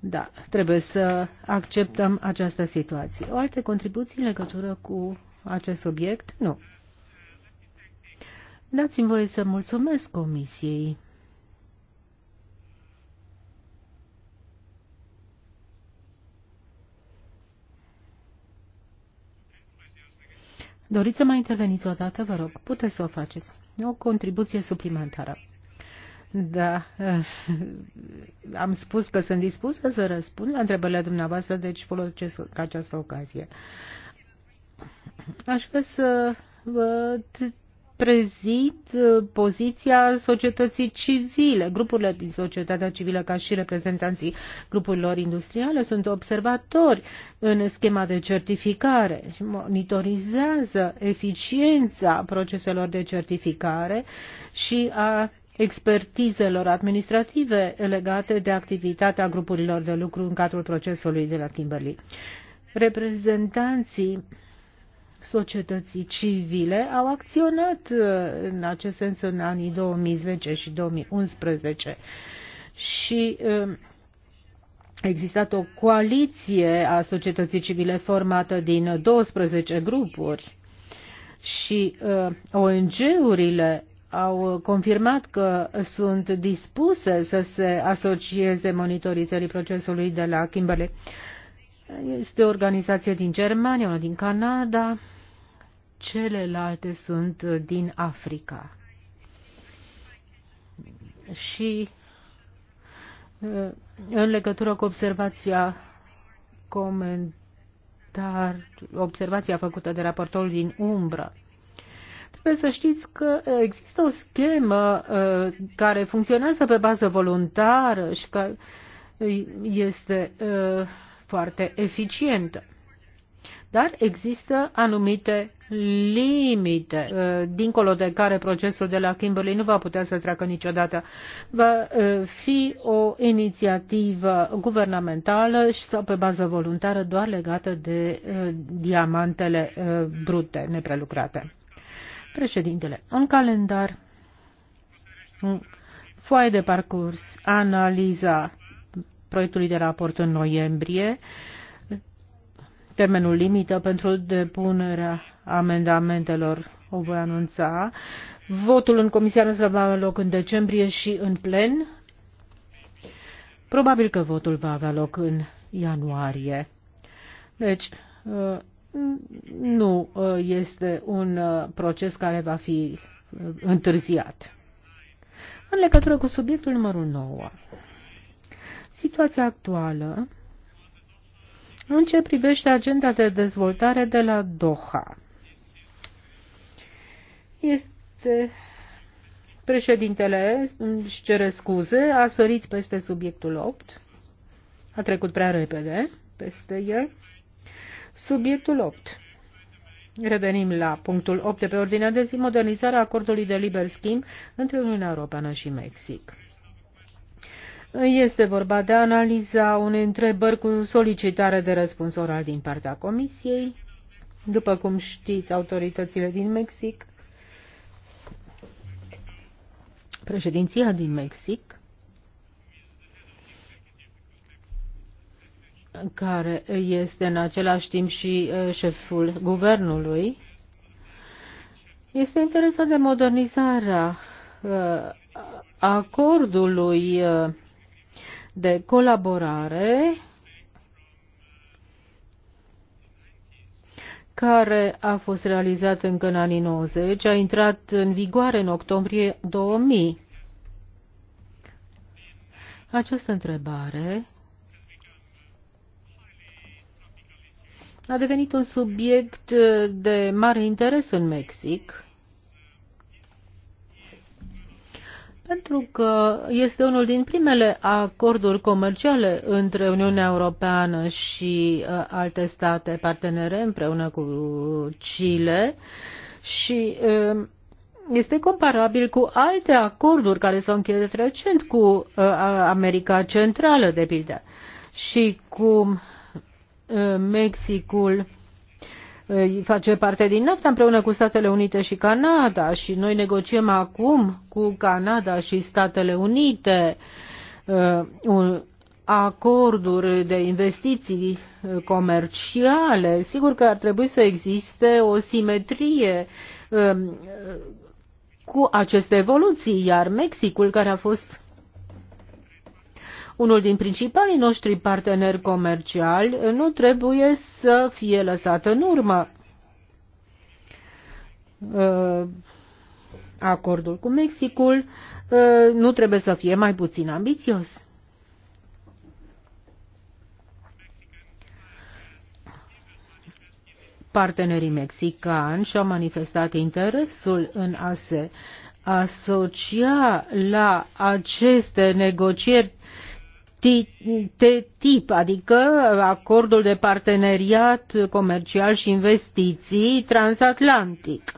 Da, trebuie să acceptăm această situație. O altă contribuție în legătură cu acest subiect? Nu. Dați-mi voie să mulțumesc Comisiei Doriți să mai interveniți odată, vă rog, puteți să o faceți. O contribuție suplimentară. Da, <laughs> am spus că sunt dispusă să răspund la întrebările dumneavoastră, deci folosesc această ocazie. Aș vrea să vă prezint uh, poziția societății civile. Grupurile din societatea civilă, ca și reprezentanții grupurilor industriale, sunt observatori în schema de certificare și monitorizează eficiența proceselor de certificare și a expertizelor administrative legate de activitatea grupurilor de lucru în cadrul procesului de la Kimberley. Reprezentanții societății civile au acționat uh, în acest sens în anii 2010 și 2011 și a uh, existat o coaliție a societății civile formată din 12 grupuri și uh, ONG-urile au confirmat că sunt dispuse să se asocieze monitorizării procesului de la Kimberley. Este o organizație din Germania, una din Canada, celelalte sunt din Africa. Și uh, în legătură cu observația comentar, observația făcută de raportorul din umbră, trebuie să știți că există o schemă uh, care funcționează pe bază voluntară și care este uh, foarte eficientă. Dar există anumite limite uh, dincolo de care procesul de la Kimberley nu va putea să treacă niciodată. Va uh, fi o inițiativă guvernamentală și sau pe bază voluntară doar legată de uh, diamantele brute, neprelucrate. Președintele, un calendar, un foaie de parcurs, analiza proiectului de raport în noiembrie, termenul limită pentru depunerea amendamentelor o voi anunța. Votul în comisia noastră va avea loc în decembrie și în plen. Probabil că votul va avea loc în ianuarie. Deci, uh, nu uh, este un uh, proces care va fi întârziat. În legătură cu subiectul numărul 9, situația actuală în ce privește agenda de dezvoltare de la Doha. Este președintele, își cere scuze, a sărit peste subiectul 8, a trecut prea repede peste el. Subiectul 8. Revenim la punctul 8 de pe ordinea de zi, modernizarea acordului de liber schimb între Uniunea Europeană și Mexic. Este vorba de analiza unei întrebări cu solicitare de răspuns oral din partea Comisiei. După cum știți, autoritățile din Mexic Președinția din Mexic care este în același timp și șeful guvernului. Este interesat de modernizarea acordului de colaborare care a fost realizat încă în anii 90, a intrat în vigoare în octombrie 2000. Această întrebare a devenit un subiect de mare interes în Mexic pentru că este unul din primele acorduri comerciale între Uniunea Europeană și uh, alte state partenere împreună cu Chile și uh, este comparabil cu alte acorduri care s-au încheiat recent cu uh, America Centrală, de pildă, și cu Mexicul face parte din NAFTA împreună cu Statele Unite și Canada și noi negociem acum cu Canada și Statele Unite uh, acorduri de investiții uh, comerciale. Sigur că ar trebui să existe o simetrie um, cu aceste evoluții, iar Mexicul, care a fost unul din principalii noștri parteneri comerciali nu trebuie să fie lăsat în urmă. Uh, acordul cu Mexicul uh, nu trebuie să fie mai puțin ambițios. Partenerii mexicani și-au manifestat interesul în a se asocia la aceste negocieri uh, TTIP, adică acordul de parteneriat comercial și investiții transatlantic.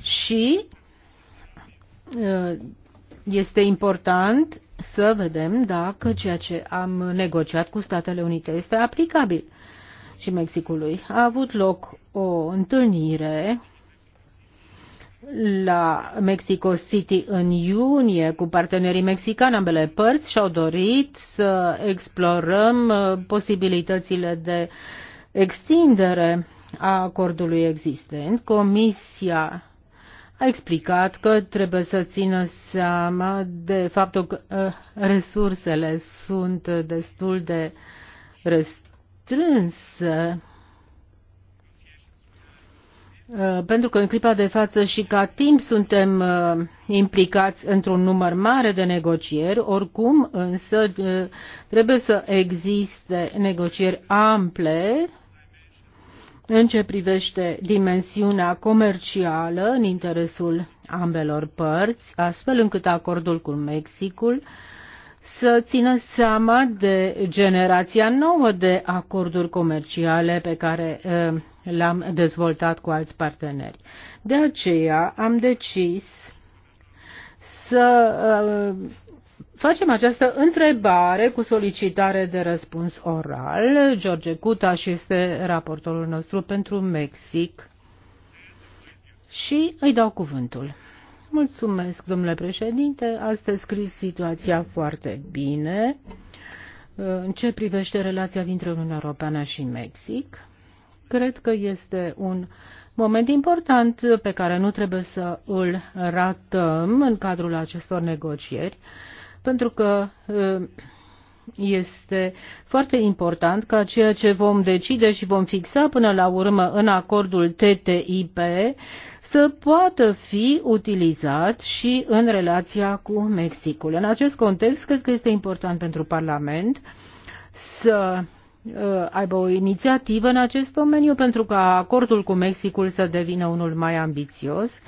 Și este important să vedem dacă ceea ce am negociat cu Statele Unite este aplicabil. Și Mexicului a avut loc o întâlnire la Mexico City în iunie cu partenerii mexicani. Ambele părți și-au dorit să explorăm uh, posibilitățile de extindere a acordului existent. Comisia a explicat că trebuie să țină seama de faptul că uh, resursele sunt destul de restrânse Uh, pentru că în clipa de față și ca timp suntem uh, implicați într-un număr mare de negocieri, oricum însă uh, trebuie să existe negocieri ample în ce privește dimensiunea comercială în interesul ambelor părți, astfel încât acordul cu Mexicul uh, să țină seama de generația nouă de acorduri comerciale pe care uh, le-am dezvoltat cu alți parteneri. De aceea am decis să uh, facem această întrebare cu solicitare de răspuns oral. George Cutaș este raportorul nostru pentru Mexic și îi dau cuvântul. Mulțumesc, domnule președinte. Ați descris situația foarte bine. În ce privește relația dintre Uniunea Europeană și Mexic, cred că este un moment important pe care nu trebuie să îl ratăm în cadrul acestor negocieri, pentru că este foarte important ca ceea ce vom decide și vom fixa până la urmă în acordul TTIP să poată fi utilizat și în relația cu Mexicul. În acest context, cred că este important pentru Parlament să uh, aibă o inițiativă în acest domeniu pentru ca acordul cu Mexicul să devină unul mai ambițios.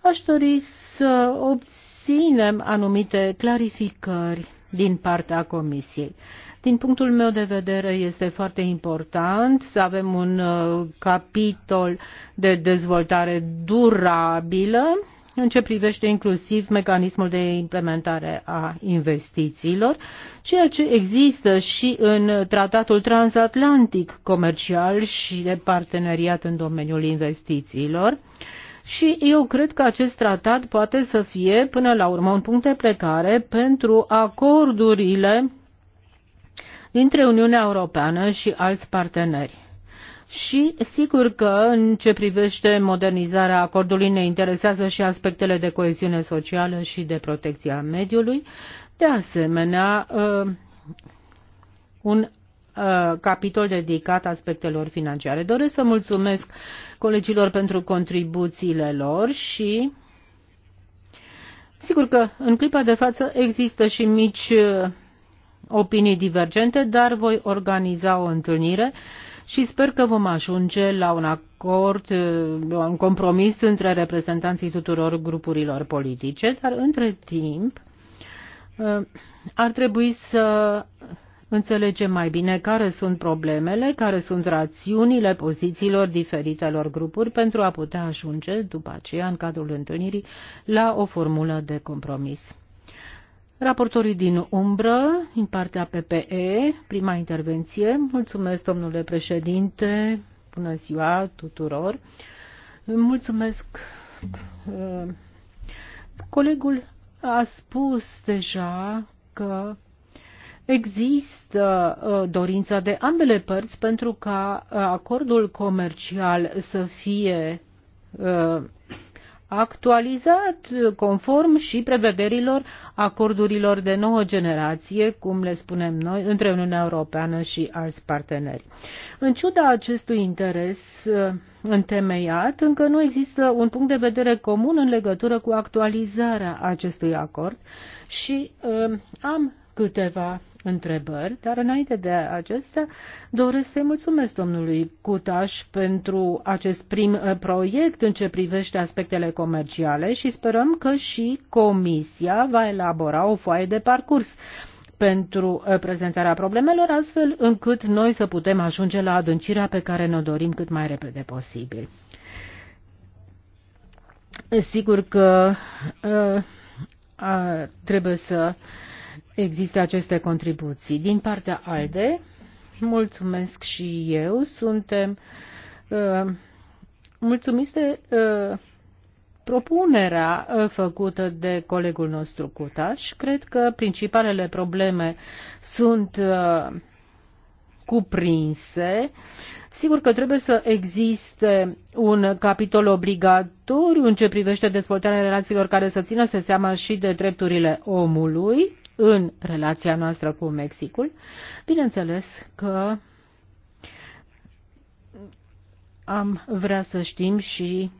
Aș dori să obținem anumite clarificări din partea Comisiei. Din punctul meu de vedere este foarte important să avem un uh, capitol de dezvoltare durabilă în ce privește inclusiv mecanismul de implementare a investițiilor, ceea ce există și în Tratatul Transatlantic Comercial și de Parteneriat în domeniul investițiilor. Uh, și eu cred că acest tratat poate să fie până la urmă un punct de plecare pentru acordurile dintre Uniunea Europeană și alți parteneri. Și sigur că în ce privește modernizarea acordului ne interesează și aspectele de coeziune socială și de protecția mediului. De asemenea, uh, un uh, capitol dedicat aspectelor financiare. Doresc să mulțumesc colegilor pentru contribuțiile lor și sigur că în clipa de față există și mici uh, opinii divergente, dar voi organiza o întâlnire și sper că vom ajunge la un acord, uh, un compromis între reprezentanții tuturor grupurilor politice, dar între timp uh, ar trebui să înțelegem mai bine care sunt problemele, care sunt rațiunile pozițiilor diferitelor grupuri pentru a putea ajunge, după aceea, în cadrul întâlnirii, la o formulă de compromis. Raportorii din umbră, din partea PPE, prima intervenție. Mulțumesc, domnule președinte, bună ziua tuturor. Mulțumesc. Uh, colegul a spus deja că Există uh, dorința de ambele părți pentru ca uh, acordul comercial să fie uh, actualizat conform și prevederilor acordurilor de nouă generație, cum le spunem noi, între Uniunea Europeană și alți parteneri. În ciuda acestui interes întemeiat, încă nu există un punct de vedere comun în legătură cu actualizarea acestui acord și am câteva întrebări, dar înainte de acestea doresc să-i mulțumesc domnului Cutaș pentru acest prim uh, proiect în ce privește aspectele comerciale și sperăm că și Comisia va elabora o foaie de parcurs pentru uh, prezentarea problemelor, astfel încât noi să putem ajunge la adâncirea pe care ne-o dorim cât mai repede posibil. Sigur că uh, trebuie să uh, există aceste contribuții. Din partea ALDE, mulțumesc și eu, suntem uh, mulțumiți de uh, propunerea uh, făcută de colegul nostru Cutaș. Cred că principalele probleme sunt uh, cuprinse. Sigur că trebuie să existe un capitol obligatoriu în ce privește dezvoltarea relațiilor care să țină să seama și de drepturile omului, în relația noastră cu Mexicul. Bineînțeles că am vrea să știm și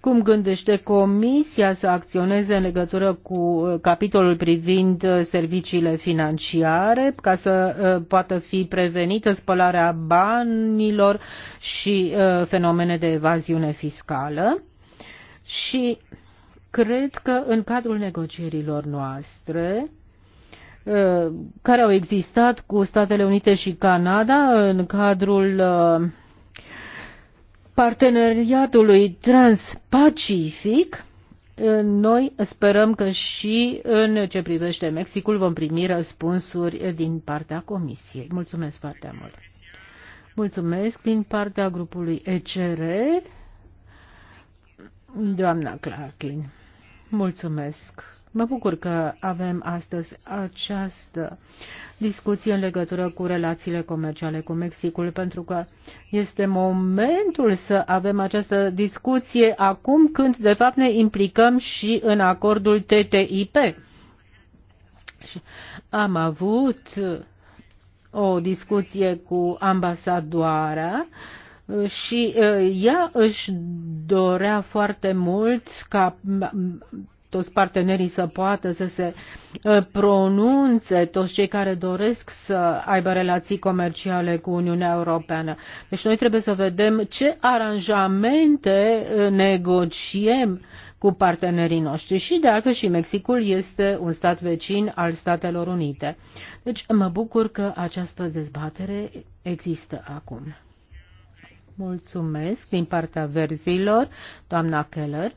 cum gândește Comisia să acționeze în legătură cu uh, capitolul privind uh, serviciile financiare ca să uh, poată fi prevenită spălarea banilor și fenomene de evaziune fiscală? Și cred că în cadrul negocierilor noastre uh, care au existat cu Statele Unite și Canada în cadrul uh, parteneriatului transpacific, uh, noi sperăm că și în ce privește Mexicul vom primi răspunsuri din partea Comisiei. Mulțumesc foarte mult! Mulțumesc din partea grupului ECR, doamna Clarkin. Mulțumesc. Mă bucur că avem astăzi această discuție în legătură cu relațiile comerciale cu Mexicul, pentru că este momentul să avem această discuție acum când, de fapt, ne implicăm și în acordul TTIP. Și am avut o discuție cu ambasadoarea uh, și ea își dorea foarte mult ca toți partenerii să poată să se pronunțe, toți cei care doresc să aibă relații comerciale cu Uniunea Europeană. Deci noi trebuie să vedem ce aranjamente negociem cu partenerii noștri și de altfel și Mexicul este un stat vecin al Statelor Unite. Deci mă bucur că această dezbatere există acum. Mulțumesc din partea verzilor, doamna Keller.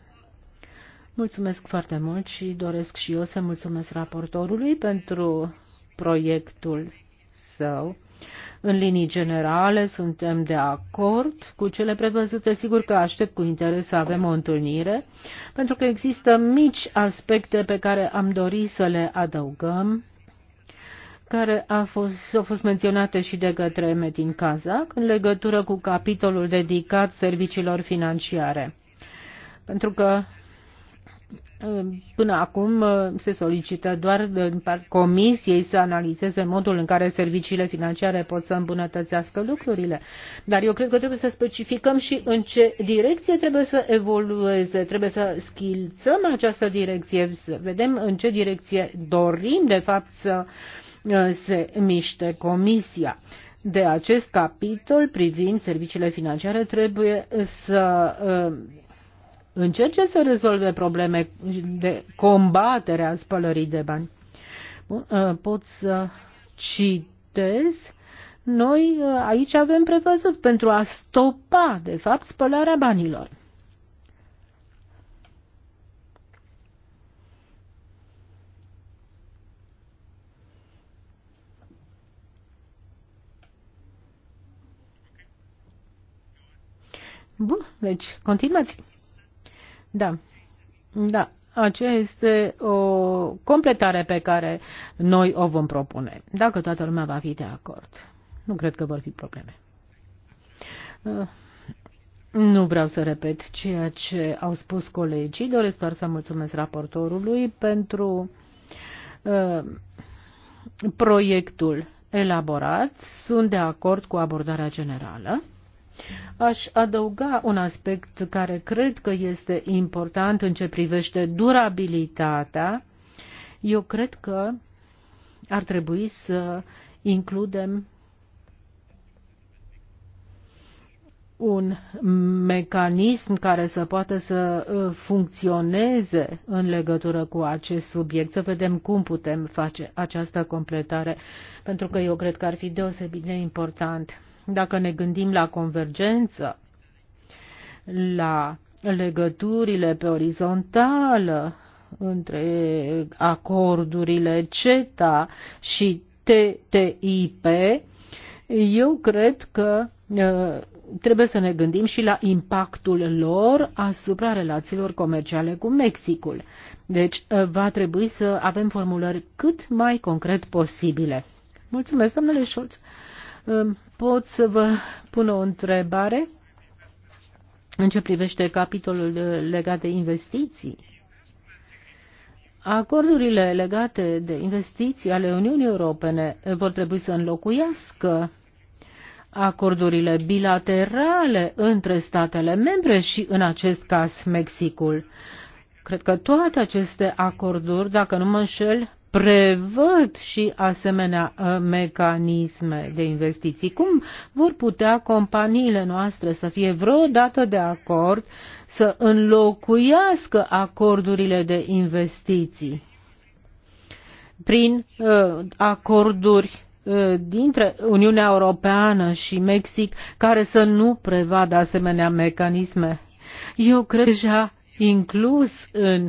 Mulțumesc foarte mult și doresc și eu să mulțumesc raportorului pentru proiectul său. În linii generale suntem de acord cu cele prevăzute. Sigur că aștept cu interes să avem o întâlnire, pentru că există mici aspecte pe care am dorit să le adăugăm care a fost, au fost menționate și de către Metin Kazak în legătură cu capitolul dedicat serviciilor financiare. Pentru că uh, Până acum uh, se solicită doar comisiei să analizeze modul în care serviciile financiare pot să îmbunătățească lucrurile. Dar eu cred că trebuie să specificăm și în ce direcție trebuie să evolueze, trebuie să schilțăm această direcție, să vedem în ce direcție dorim de fapt să uh, se miște Comisia. De acest capitol privind serviciile financiare trebuie să uh, încerce să rezolve probleme de combatere a spălării de bani. Uh, pot să citez. Noi uh, aici avem prevăzut pentru a stopa, de fapt, spălarea banilor. Bun, deci continuați. Da. Da, aceea este o completare pe care noi o vom propune, dacă toată lumea va fi de acord. Nu cred că vor fi probleme. Uh, nu vreau să repet ceea ce au spus colegii, doresc doar să mulțumesc raportorului pentru uh, proiectul elaborat. Sunt de acord cu abordarea generală. Aș adăuga un aspect care cred că este important în ce privește durabilitatea. Eu cred că ar trebui să includem un mecanism care să poată să uh, funcționeze în legătură cu acest subiect, să vedem cum putem face această completare, pentru că eu cred că ar fi deosebit de important dacă ne gândim la convergență, la legăturile pe orizontală între acordurile CETA și TTIP, eu cred că uh, trebuie să ne gândim și la impactul lor asupra relațiilor comerciale cu Mexicul. Deci uh, va trebui să avem formulări cât mai concret posibile. Mulțumesc, domnule Scholz. Pot să vă pun o întrebare în ce privește capitolul uh, legat de investiții? Acordurile legate de investiții ale Uniunii Europene vor trebui să înlocuiască acordurile bilaterale între statele membre și, în acest caz, Mexicul. Cred că toate aceste acorduri, dacă nu mă înșel, prevăd și asemenea uh, mecanisme de investiții. Cum vor putea companiile noastre să fie vreodată de acord să înlocuiască acordurile de investiții prin uh, acorduri uh, dintre Uniunea Europeană și Mexic care să nu prevadă asemenea mecanisme. Eu cred deja inclus în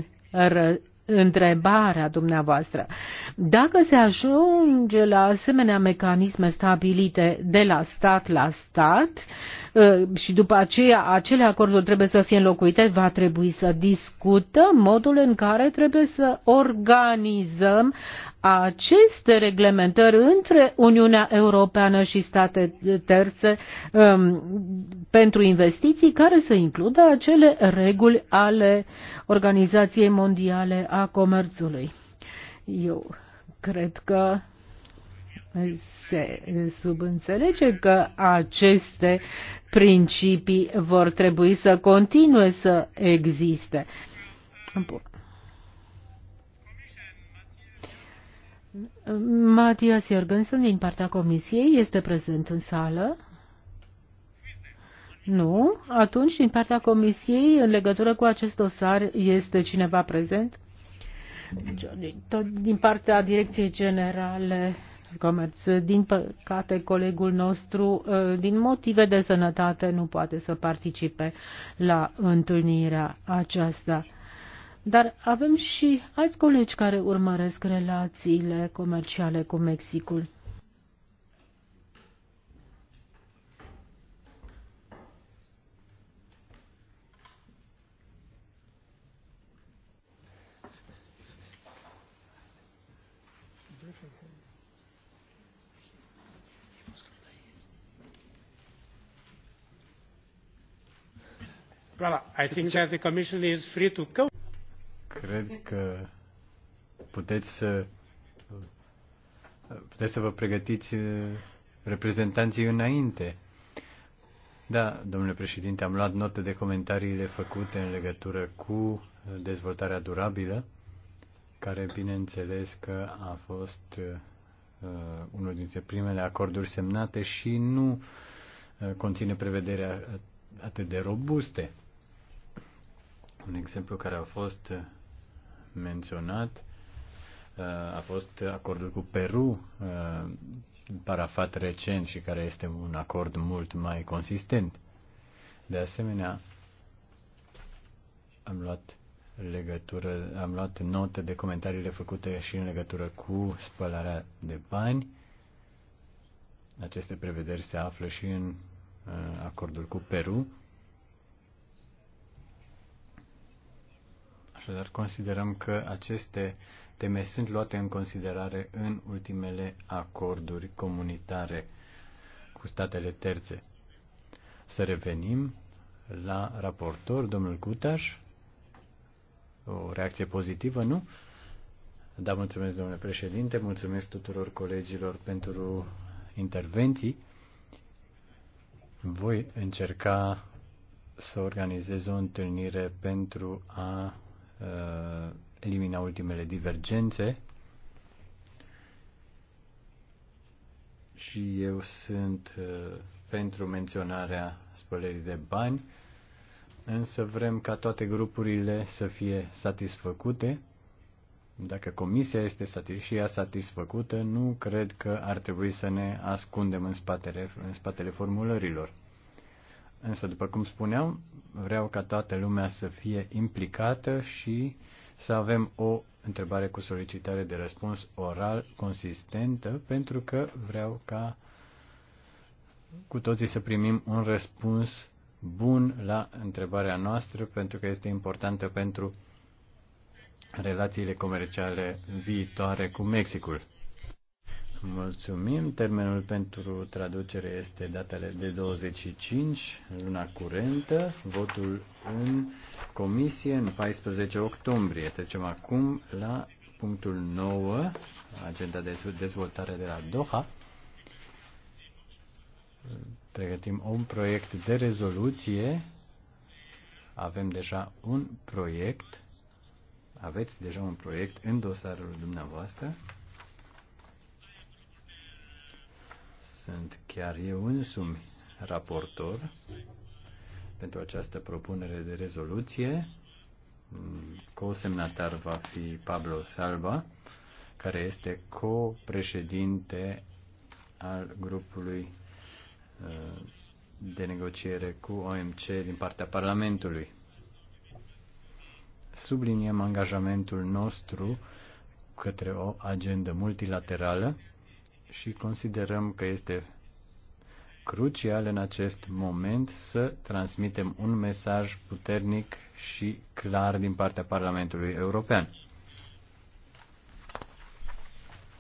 întrebarea dumneavoastră. Dacă se ajunge la asemenea mecanisme stabilite de la stat la stat, uh, Ă, și după aceea acele acorduri trebuie să fie înlocuite, va trebui să discutăm modul în care trebuie să organizăm aceste reglementări între Uniunea Europeană și state terțe um, pentru investiții care să includă acele reguli ale Organizației Mondiale a Comerțului. Eu cred că se subînțelege că aceste principii vor trebui să continue să existe. Matias Jorgensen din partea comisiei este prezent în sală? Nu? Atunci, din partea comisiei, în legătură cu acest dosar, este cineva prezent? Deci, din partea Direcției Generale Comerț. Din păcate, colegul nostru, uh, din motive de sănătate, nu poate să participe la întâlnirea aceasta. Dar avem și alți colegi care urmăresc relațiile comerciale cu Mexicul. Well, I deci think that the commission is free to go. Cred că puteți să puteți să vă pregătiți uh, reprezentanții înainte. Da, domnule președinte, am luat notă de comentariile făcute în legătură cu dezvoltarea durabilă, care bineînțeles că a fost uh, unul dintre primele acorduri semnate și nu uh, conține prevederea atât de robuste. Un exemplu care a fost uh, menționat uh, a fost acordul cu Peru, uh, parafat recent și care este un acord mult mai consistent. De asemenea, am luat legătură, am luat note de comentariile făcute și în legătură cu spălarea de bani. Aceste prevederi se află și în acordul cu Peru. Așadar, considerăm că aceste teme sunt luate în considerare în ultimele acorduri comunitare cu statele terțe. Să revenim la raportor, domnul Cutaș. O reacție pozitivă, nu? Da, mulțumesc, domnule președinte, mulțumesc tuturor colegilor pentru intervenții. Voi încerca să organizez o întâlnire pentru a uh, elimina ultimele divergențe și eu sunt uh, pentru menționarea spălării de bani, însă vrem ca toate grupurile să fie satisfăcute. Dacă comisia este satis- și ea satisfăcută, nu cred că ar trebui să ne ascundem în spatele, în spatele formulărilor. Însă, după cum spuneam, vreau ca toată lumea să fie implicată și să avem o întrebare cu solicitare de răspuns oral consistentă, pentru că vreau ca cu toții să primim un răspuns bun la întrebarea noastră, pentru că este importantă pentru relațiile comerciale viitoare cu Mexicul. Mulțumim. Termenul pentru traducere este datele de 25, luna curentă, votul în comisie în 14 octombrie. Trecem acum la punctul 9, agenda de dezvoltare de la Doha. Pregătim un proiect de rezoluție. Avem deja un proiect. Aveți deja un proiect în dosarul dumneavoastră. Sunt chiar eu însumi raportor pentru această propunere de rezoluție. Co-semnatar va fi Pablo Salva, care este co-președinte al grupului uh, de negociere cu OMC din partea Parlamentului. Subliniem angajamentul nostru către o agendă multilaterală și considerăm că este crucial în acest moment să transmitem un mesaj puternic și clar din partea Parlamentului European,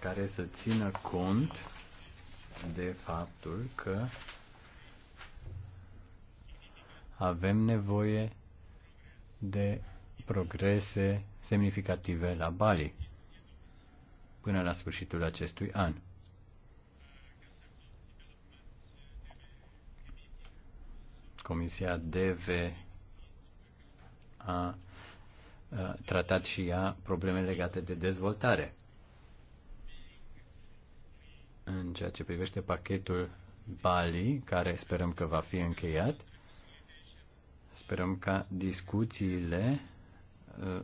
care să țină cont de faptul că avem nevoie de progrese semnificative la Bali până la sfârșitul acestui an. Comisia deve a tratat și ea probleme legate de dezvoltare. În ceea ce privește pachetul Bali, care sperăm că va fi încheiat, sperăm ca discuțiile, ă,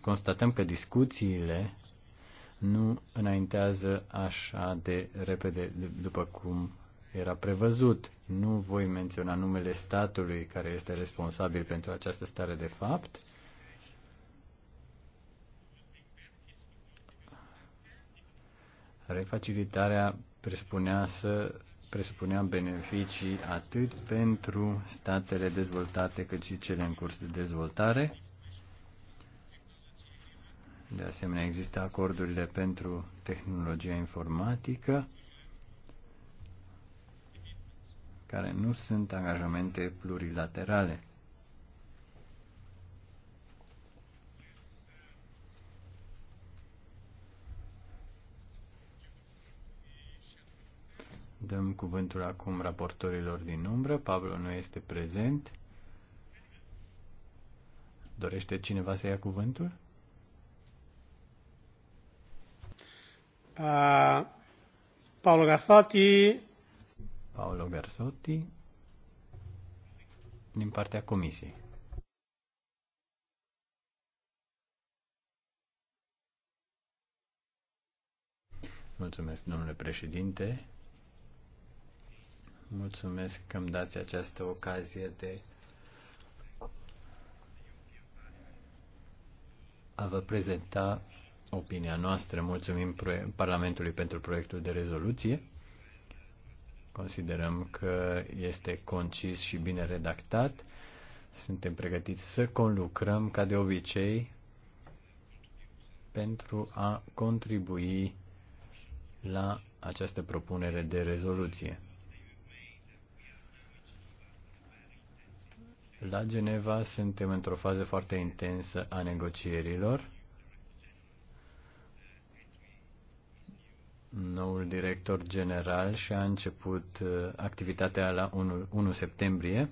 constatăm că discuțiile nu înaintează așa de repede după cum era prevăzut. Nu voi menționa numele statului care este responsabil pentru această stare de fapt. Refacilitarea presupunea să presupunea beneficii atât pentru statele dezvoltate cât și cele în curs de dezvoltare. De asemenea, există acordurile pentru tehnologia informatică care nu sunt angajamente plurilaterale. Dăm cuvântul acum raportorilor din umbră. Pablo nu este prezent. Dorește cineva să ia cuvântul? Uh, Paolo Garfati. Paolo Garzotti din partea Comisiei. Mulțumesc, domnule președinte. Mulțumesc că îmi dați această ocazie de a vă prezenta opinia noastră. Mulțumim Parlamentului pentru proiectul de rezoluție. Considerăm că este concis și bine redactat. Suntem pregătiți să conlucrăm, ca de obicei, pentru a contribui la această propunere de rezoluție. La Geneva suntem într-o fază foarte intensă a negocierilor noul director general și a început uh, activitatea la 1, 1 septembrie.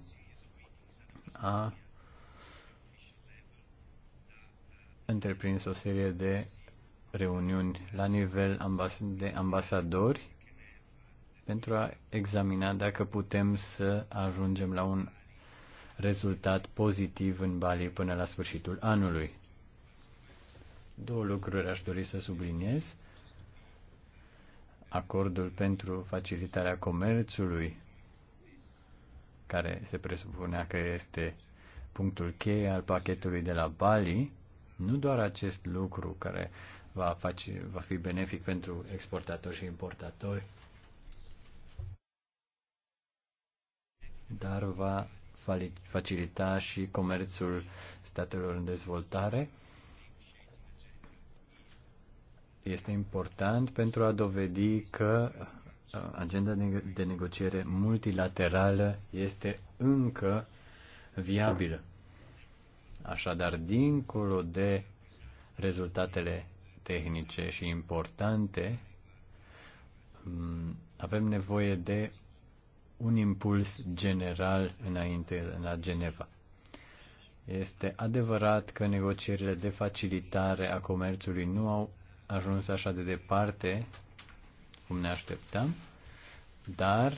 A întreprins o serie de reuniuni la nivel ambas- de ambasadori pentru a examina dacă putem să ajungem la un rezultat pozitiv în Bali până la sfârșitul anului. Două lucruri aș dori să subliniez acordul pentru facilitarea comerțului, care se presupunea că este punctul cheie al pachetului de la Bali, nu doar acest lucru care va, face, va fi benefic pentru exportatori și importatori, dar va facilita și comerțul statelor în dezvoltare este important pentru a dovedi că uh, agenda de negociere multilaterală este încă viabilă. Așadar, dincolo de rezultatele tehnice și importante, mm, avem nevoie de un impuls general înainte la Geneva. Este adevărat că negocierile de facilitare a comerțului nu au ajuns așa de departe cum ne așteptam, dar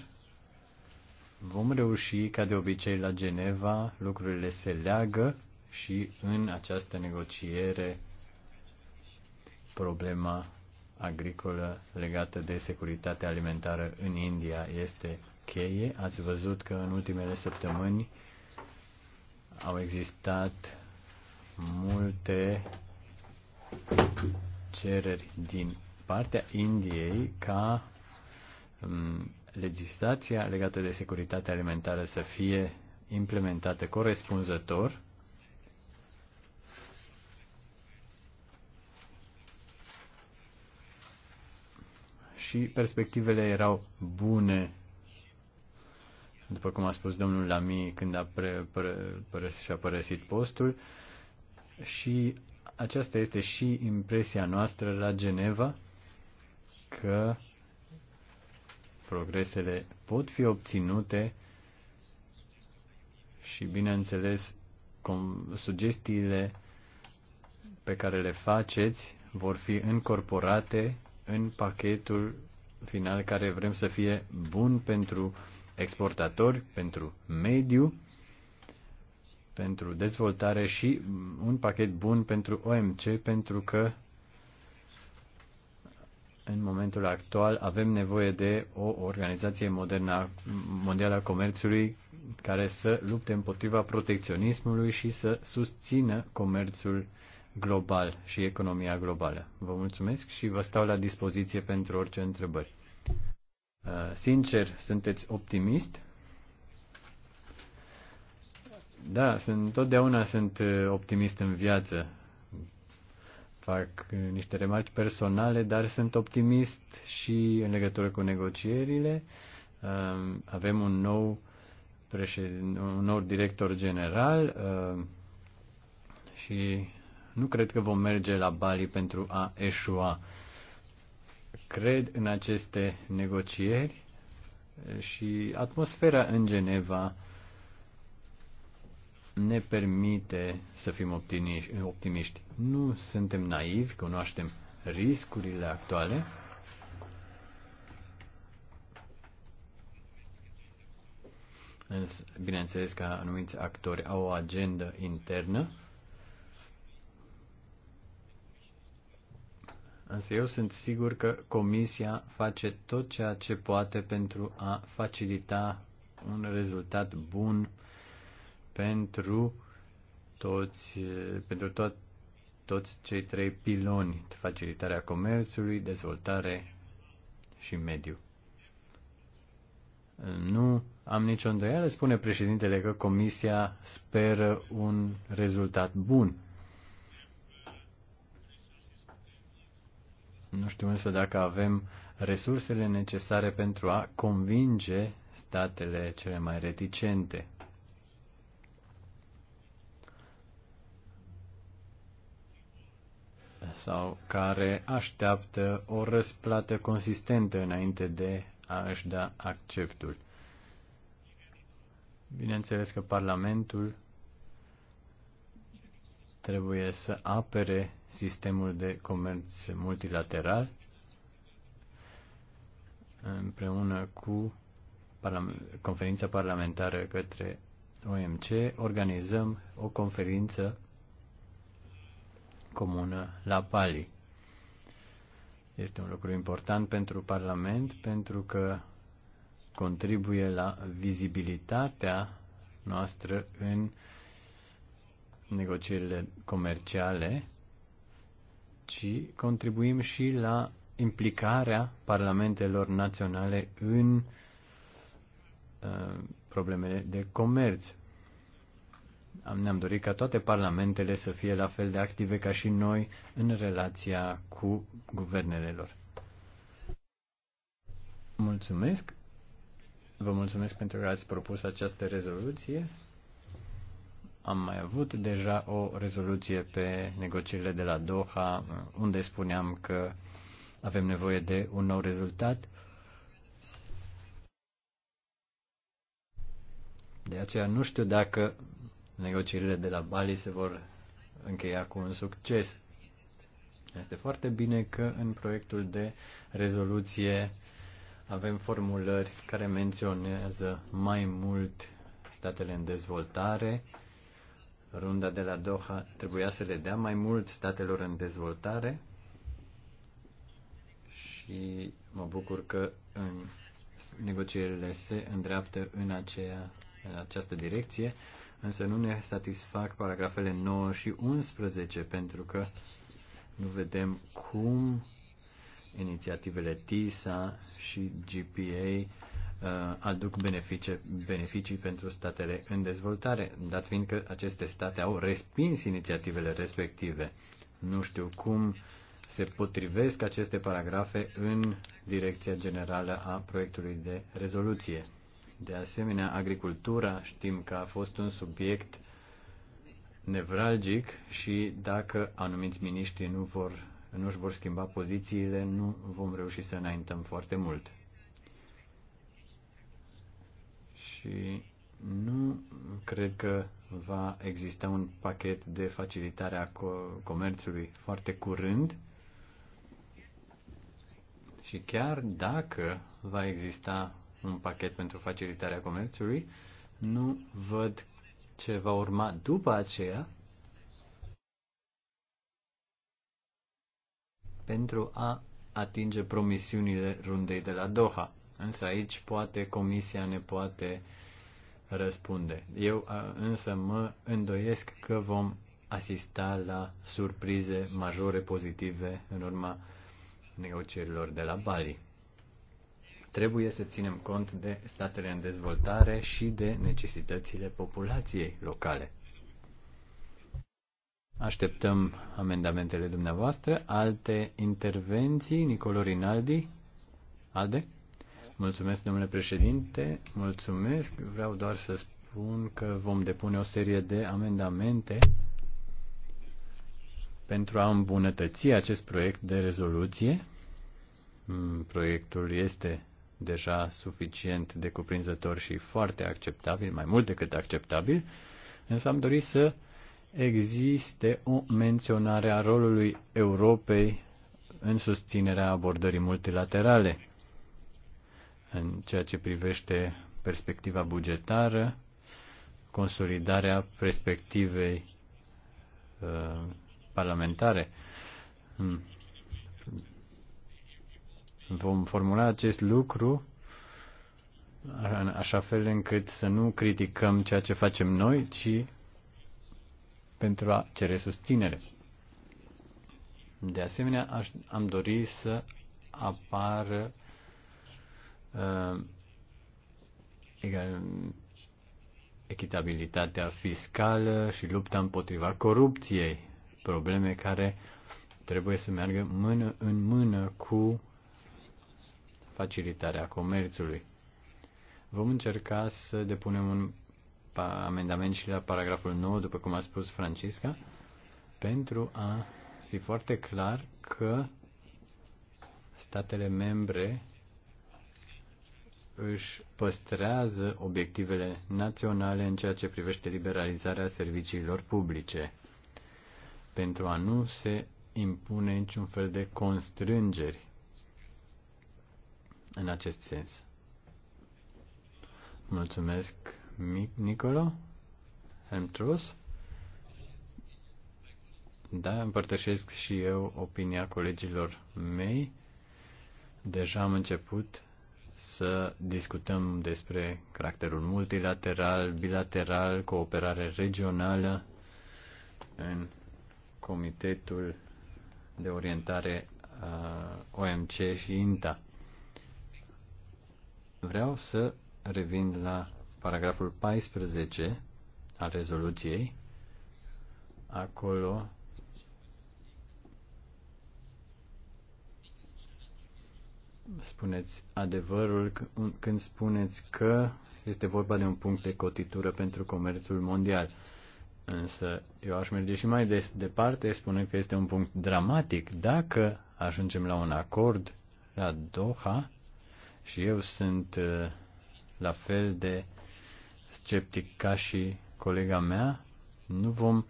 vom reuși, ca de obicei la Geneva, lucrurile se leagă și în această negociere problema agricolă legată de securitatea alimentară în India este cheie. Ați văzut că în ultimele săptămâni au existat multe cereri din partea Indiei ca um, legislația legată de securitatea alimentară să fie implementată corespunzător și perspectivele erau bune, după cum a spus domnul Lamy când a pre, pre, pre, și-a părăsit postul, și aceasta este și impresia noastră la Geneva că progresele pot fi obținute și, bineînțeles, sugestiile pe care le faceți vor fi încorporate în pachetul final care vrem să fie bun pentru exportatori, pentru mediu pentru dezvoltare și un pachet bun pentru OMC, pentru că în momentul actual avem nevoie de o organizație modernă mondială a comerțului care să lupte împotriva protecționismului și să susțină comerțul global și economia globală. Vă mulțumesc și vă stau la dispoziție pentru orice întrebări. Uh, sincer, sunteți optimist? Da, sunt, totdeauna sunt uh, optimist în viață. Fac uh, niște remarci personale, dar sunt optimist și în legătură cu negocierile. Um, avem un nou, președ, un nou director general um, și nu cred că vom merge la Bali pentru a eșua. Cred în aceste negocieri uh, și atmosfera în Geneva ne permite să fim optimiști. Nu suntem naivi, cunoaștem riscurile actuale. Bineînțeles că anumiți actori au o agendă internă, Însă eu sunt sigur că Comisia face tot ceea ce poate pentru a facilita un rezultat bun pentru toți, pentru tot toți cei trei piloni, facilitarea comerțului, dezvoltare și mediu. Nu am nicio îndoială, spune președintele, că Comisia speră un rezultat bun. Nu știu însă dacă avem resursele necesare pentru a convinge statele cele mai reticente. sau care așteaptă o răsplată consistentă înainte de a își da acceptul. Bineînțeles că Parlamentul trebuie să apere sistemul de comerț multilateral împreună cu conferința parlamentară către OMC organizăm o conferință comună la Bali. Este un lucru important pentru Parlament pentru că contribuie la vizibilitatea noastră în negocierile comerciale, ci contribuim și la implicarea parlamentelor naționale în uh, problemele de comerț. Ne-am dorit ca toate parlamentele să fie la fel de active ca și noi în relația cu guvernele lor. Mulțumesc. Vă mulțumesc pentru că ați propus această rezoluție. Am mai avut deja o rezoluție pe negocierile de la Doha, unde spuneam că avem nevoie de un nou rezultat. De aceea nu știu dacă negocierile de la Bali se vor încheia cu un succes. Este foarte bine că în proiectul de rezoluție avem formulări care menționează mai mult statele în dezvoltare. Runda de la Doha trebuia să le dea mai mult statelor în dezvoltare și mă bucur că în negocierile se îndreaptă în, aceea, în această direcție însă nu ne satisfac paragrafele 9 și 11 pentru că nu vedem cum inițiativele TISA și GPA uh, aduc beneficii, beneficii pentru statele în dezvoltare, dat fiind că aceste state au respins inițiativele respective. Nu știu cum se potrivesc aceste paragrafe în direcția generală a proiectului de rezoluție. De asemenea, agricultura știm că a fost un subiect nevralgic și dacă anumiți miniștri nu vor, nu își vor schimba pozițiile, nu vom reuși să înaintăm foarte mult. Și nu cred că va exista un pachet de facilitare a comerțului foarte curând. Și chiar dacă va exista un pachet pentru facilitarea comerțului. Nu văd ce va urma după aceea pentru a atinge promisiunile rundei de la Doha. Însă aici poate comisia ne poate răspunde. Eu însă mă îndoiesc că vom asista la surprize majore pozitive în urma negocierilor de la Bali. Trebuie să ținem cont de statele în dezvoltare și de necesitățile populației locale. Așteptăm amendamentele dumneavoastră. Alte intervenții? Nicolo Rinaldi? Ade? Mulțumesc, domnule președinte. Mulțumesc. Vreau doar să spun că vom depune o serie de amendamente pentru a îmbunătăți acest proiect de rezoluție. Mm, proiectul este deja suficient de cuprinzător și foarte acceptabil, mai mult decât acceptabil, însă am dorit să existe o menționare a rolului Europei în susținerea abordării multilaterale în ceea ce privește perspectiva bugetară, consolidarea perspectivei uh, parlamentare. Hmm. Vom formula acest lucru în așa fel încât să nu criticăm ceea ce facem noi, ci pentru a cere susținere. De asemenea, aș, am dori să apară uh, egal, echitabilitatea fiscală și lupta împotriva corupției, probleme care trebuie să meargă mână în mână cu facilitarea comerțului. Vom încerca să depunem un amendament și la paragraful 9, după cum a spus Francisca, pentru a fi foarte clar că statele membre își păstrează obiectivele naționale în ceea ce privește liberalizarea serviciilor publice, pentru a nu se impune niciun fel de constrângeri în acest sens. Mulțumesc, Nicolo. Hemtrus. Da, împărtășesc și eu opinia colegilor mei. Deja am început să discutăm despre caracterul multilateral, bilateral, cooperare regională în Comitetul de Orientare a OMC și INTA. Vreau să revin la paragraful 14 al rezoluției. Acolo spuneți adevărul când spuneți că este vorba de un punct de cotitură pentru comerțul mondial. Însă eu aș merge și mai des, departe, spunând că este un punct dramatic. Dacă ajungem la un acord la Doha, și eu sunt uh, la fel de sceptic ca și colega mea. Nu vom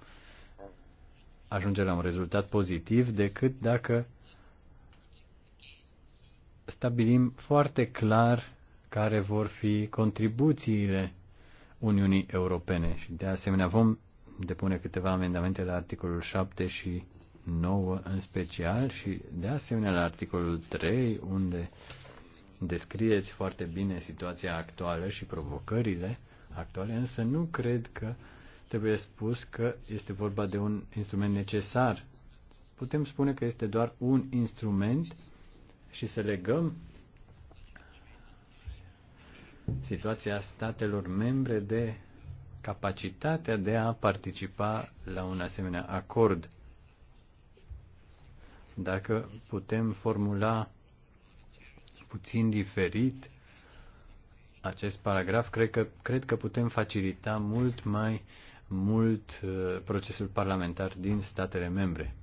ajunge la un rezultat pozitiv decât dacă stabilim foarte clar care vor fi contribuțiile Uniunii Europene și de asemenea vom depune câteva amendamente la articolul 7 și 9 în special și de asemenea la articolul 3 unde descrieți foarte bine situația actuală și provocările actuale, însă nu cred că trebuie spus că este vorba de un instrument necesar. Putem spune că este doar un instrument și să legăm situația statelor membre de capacitatea de a participa la un asemenea acord. Dacă putem formula puțin diferit acest paragraf, cred că, cred că putem facilita mult mai mult uh, procesul parlamentar din statele membre.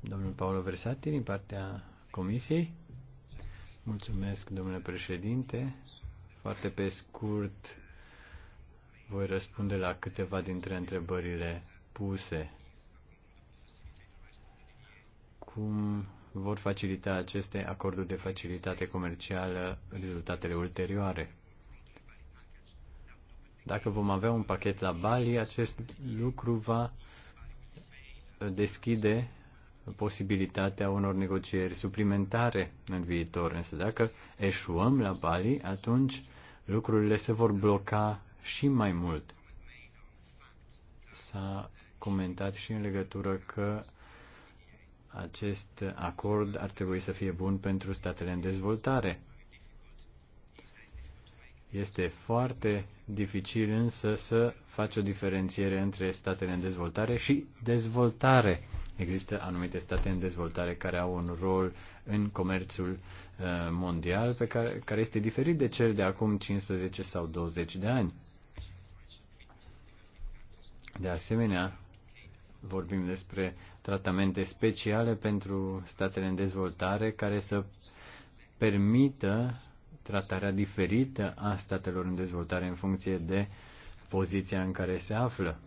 Domnul Paolo Versati, din partea Comisiei. Mulțumesc, domnule președinte. Foarte pe scurt, voi răspunde la câteva dintre întrebările puse. Cum vor facilita aceste acorduri de facilitate comercială rezultatele ulterioare? Dacă vom avea un pachet la Bali, acest lucru va deschide posibilitatea unor negocieri suplimentare în viitor. Însă dacă eșuăm la Bali, atunci lucrurile se vor bloca și mai mult. S-a comentat și în legătură că acest acord ar trebui să fie bun pentru statele în dezvoltare. Este foarte dificil însă să faci o diferențiere între statele în dezvoltare și dezvoltare. Există anumite state în dezvoltare care au un rol în comerțul uh, mondial pe care, care este diferit de cel de acum 15 sau 20 de ani. De asemenea, vorbim despre tratamente speciale pentru statele în dezvoltare care să permită tratarea diferită a statelor în dezvoltare în funcție de poziția în care se află.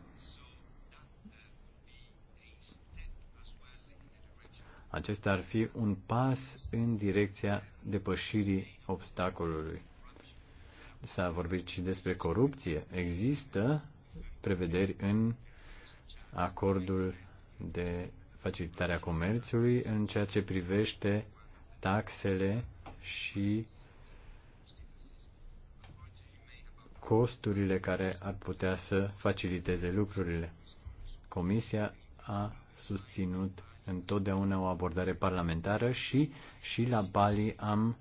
Acesta ar fi un pas în direcția depășirii obstacolului. S-a vorbit și despre corupție. Există prevederi în acordul de facilitarea comerțului în ceea ce privește taxele și costurile care ar putea să faciliteze lucrurile. Comisia a susținut întotdeauna o abordare parlamentară și și la Bali am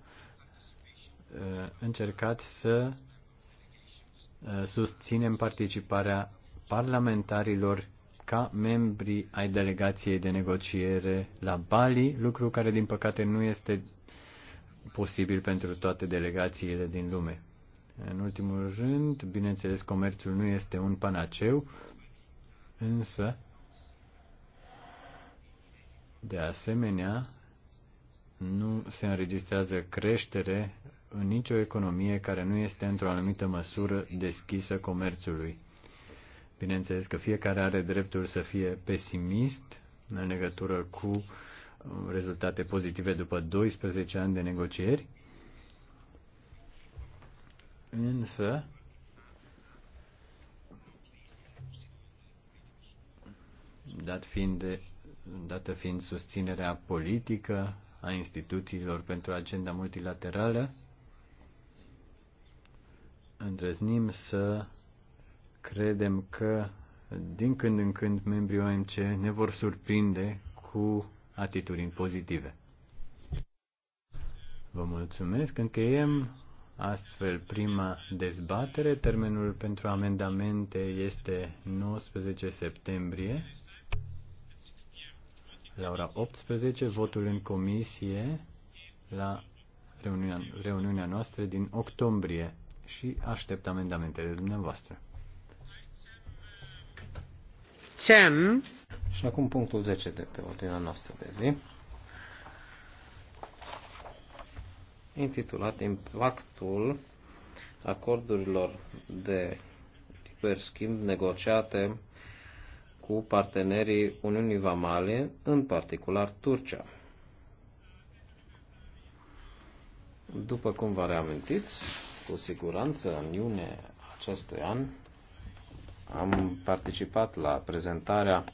uh, încercat să uh, susținem participarea parlamentarilor ca membri ai delegației de negociere la Bali, lucru care din păcate nu este posibil pentru toate delegațiile din lume. În ultimul rând, bineînțeles, comerțul nu este un panaceu, însă de asemenea, nu se înregistrează creștere în nicio economie care nu este într-o anumită măsură deschisă comerțului. Bineînțeles că fiecare are dreptul să fie pesimist în legătură cu uh, rezultate pozitive după 12 ani de negocieri, însă dat fiind de dată fiind susținerea politică a instituțiilor pentru agenda multilaterală, îndrăznim să credem că din când în când membrii OMC ne vor surprinde cu atitudini pozitive. Vă mulțumesc. Încheiem astfel prima dezbatere. Termenul pentru amendamente este 19 septembrie la ora 18, votul în comisie la reuniunea, reuniunea noastră din octombrie și aștept amendamentele dumneavoastră. Sam. Și acum punctul 10 de pe ordinea noastră de zi, intitulat Impactul acordurilor de liber schimb negociate cu partenerii Uniunii Vamale, în particular Turcia. După cum vă reamintiți, cu siguranță în iunie acestui an am participat la prezentarea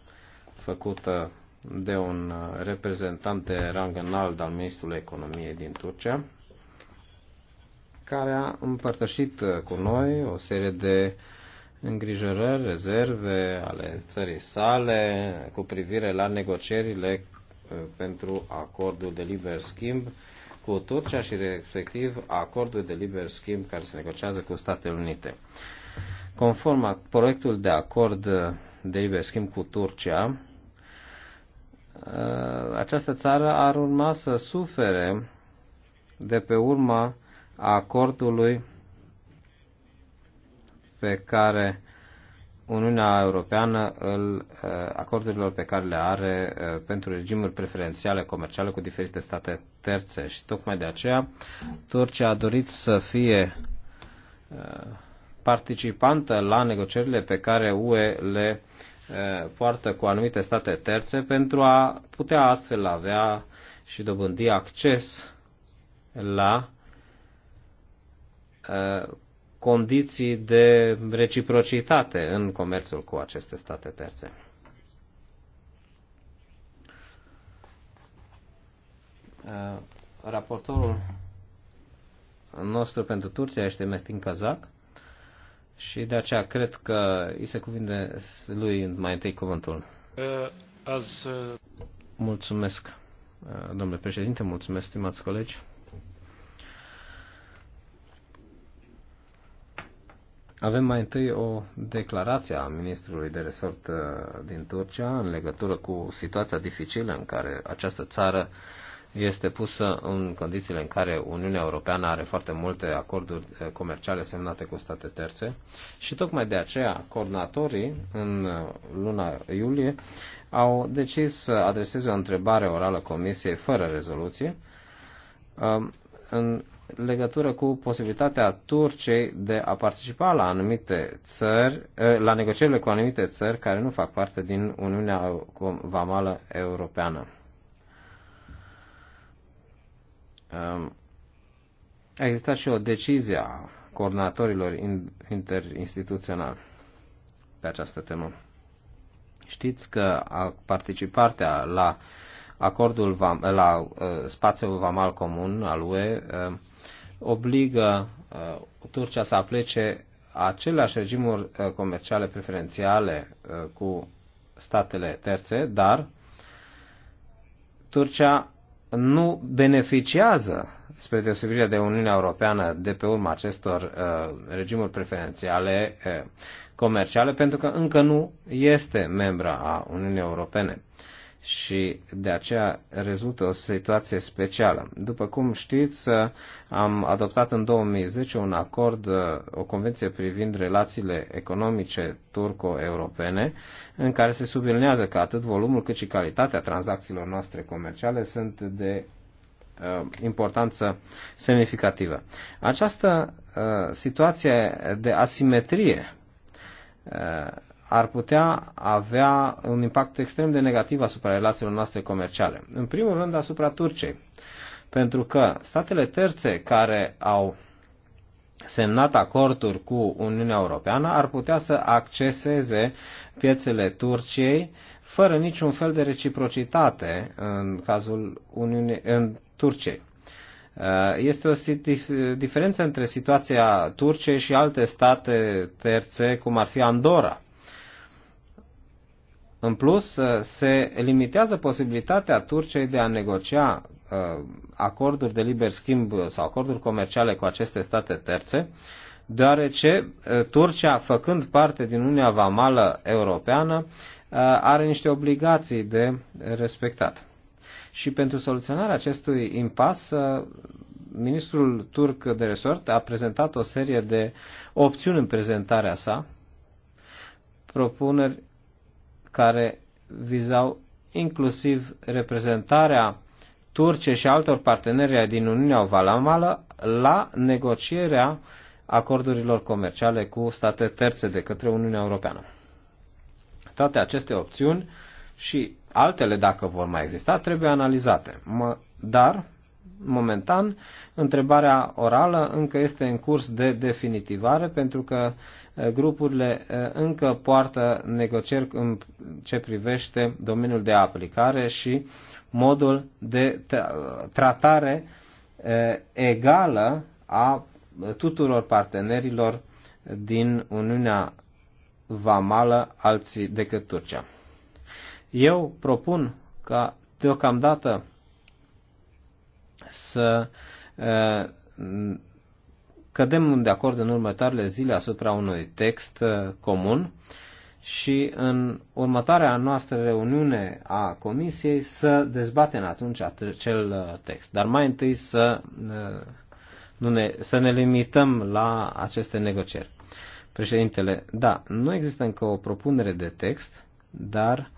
făcută de un reprezentant de rang înalt al Ministrului Economiei din Turcia, care a împărtășit cu noi o serie de uh, îngrijorări, rezerve ale țării sale cu privire la negocierile uh, pentru acordul de liber schimb cu Turcia și respectiv acordul de liber schimb care se negociază cu Statele Unite. Conform proiectul de acord uh, de liber schimb cu Turcia, uh, această țară ar urma să sufere de pe urma acordului pe care Uniunea Europeană îl, eh, acordurilor pe care le are eh, pentru regimuri preferențiale comerciale cu diferite state terțe și tocmai de aceea Turcia a dorit să fie eh, participantă la negocierile pe care UE le poartă cu anumite state terțe pentru a putea astfel avea și dobândi acces la condiții de reciprocitate în comerțul cu aceste state terțe. Raportorul nostru pentru Turcia este Mehtin Kazak și de aceea cred că îi se cuvine lui mai întâi cuvântul. Uh, mulțumesc, uh, domnule președinte, mulțumesc, stimați colegi. Avem mai întâi o declarație a ministrului de resort uh, din Turcia în legătură cu situația dificilă în care această țară este pusă în condițiile în care Uniunea Europeană are foarte multe acorduri uh, comerciale semnate cu state terțe și tocmai de aceea coordonatorii în uh, luna iulie au decis să adreseze o întrebare orală Comisiei fără rezoluție în legătură cu posibilitatea Turciei de a participa la anumite țări, eh, la negocierile cu anumite țări care nu fac parte din Uniunea Vamală Europeană. Ehm, a existat și o decizie a coordonatorilor interinstituționali pe această temă. Știți că a participarea la acordul la eh, spațiul vamal comun al UE ehm, obligă uh, Turcia să aplece aceleași regimuri uh, comerciale preferențiale uh, cu statele terțe, dar Turcia nu beneficiază, spre deosebire de Uniunea Europeană, de pe urma acestor uh, regimuri preferențiale uh, comerciale, pentru că încă nu este membra a Uniunii Europene. Uh, și de aceea rezultă o situație specială. După cum știți, uh, am adoptat în 2010 un acord, uh, o convenție privind relațiile economice turco-europene, în care se sublinează că atât volumul cât și calitatea tranzacțiilor noastre comerciale sunt de uh, importanță semnificativă. Această uh, situație de asimetrie uh, ar putea avea un impact extrem de negativ asupra relațiilor noastre comerciale. În primul rând asupra Turciei, pentru că statele terțe care au semnat acorduri cu Uniunea Europeană ar putea să acceseze piețele Turciei fără niciun fel de reciprocitate în cazul Uniunii, în Turciei. Uh, este o diferență între situația Turciei și alte state terțe, cum ar fi Andorra. În plus, uh, se limitează posibilitatea Turciei de a negocia uh, acorduri de liber schimb sau acorduri comerciale cu aceste state terțe, deoarece uh, Turcia, făcând parte din Uniunea Vamală Europeană, are niște obligații de respectat. Și pentru soluționarea acestui impas, ministrul turc de resort a prezentat o serie de opțiuni în prezentarea sa, propuneri care vizau inclusiv reprezentarea Turciei și altor parteneri din Uniunea Valamală la negocierea acordurilor comerciale cu state terțe de către Uniunea Europeană. Toate aceste opțiuni și altele, dacă vor mai exista, trebuie analizate. Mă, dar Momentan, întrebarea orală încă este în curs de definitivare pentru că grupurile încă poartă negocieri în ce privește domeniul de aplicare și modul de tratare egală a tuturor partenerilor din Uniunea Vamală alții decât Turcia. Eu propun ca deocamdată să cădem de acord în următoarele zile asupra unui text comun și în următoarea noastră reuniune a Comisiei să dezbatem atunci acel text. Dar mai întâi să, nu ne, să ne limităm la aceste negocieri. Președintele, da, nu există încă o propunere de text, dar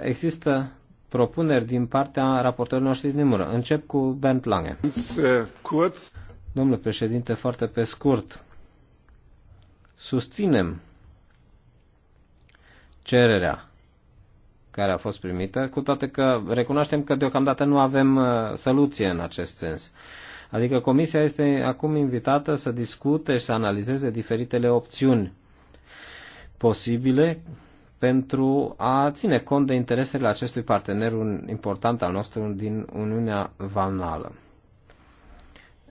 există propuneri din partea raportorilor noștri din mură. Încep cu Bernd Lange. Domnule președinte, foarte pe scurt, susținem cererea care a fost primită, cu toate că recunoaștem că deocamdată nu avem uh, soluție în acest sens. Adică comisia este acum invitată să discute și să analizeze diferitele opțiuni posibile pentru a ține cont de interesele acestui partener important al nostru din Uniunea Valnală.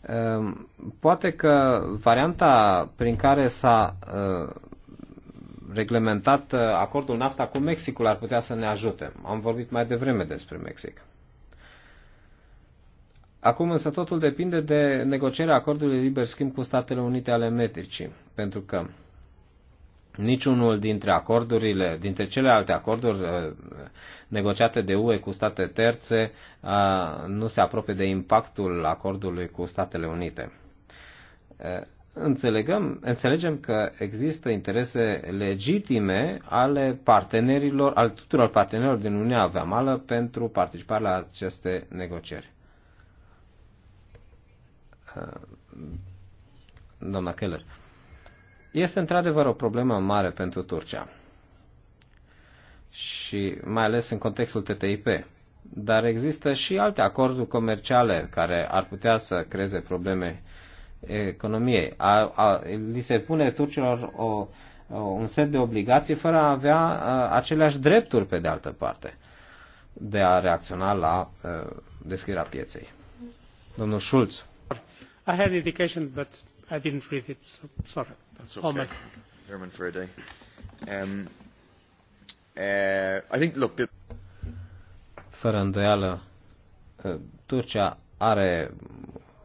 Ehm, poate că varianta prin care s-a ehm, reglementat ehm, acordul NAFTA cu Mexicul ar putea să ne ajute. Am vorbit mai devreme despre Mexic. Acum însă totul depinde de negocierea acordului liber schimb cu Statele Unite ale Americii, pentru că niciunul dintre acordurile, dintre celelalte acorduri uh, negociate de UE cu state terțe uh, nu se apropie de impactul acordului cu Statele Unite. Uh, înțelegăm, înțelegem că există interese legitime ale partenerilor, al tuturor partenerilor din Uniunea Vamală pentru participarea la aceste negocieri. Doamna Keller. Uh, este într-adevăr o problemă mare pentru Turcia și mai ales în contextul TTIP. Dar există și alte acorduri comerciale care ar putea să creeze probleme economiei. A, a, li se pune turcilor o, o, un set de obligații fără a avea a, aceleași drepturi pe de altă parte de a reacționa la a, deschiderea pieței. Domnul Schulz. I had education, but I didn't read it, so sorry. That's okay. for a day. Um, uh, I think, look, the... Fără îndoială, uh, Turcia are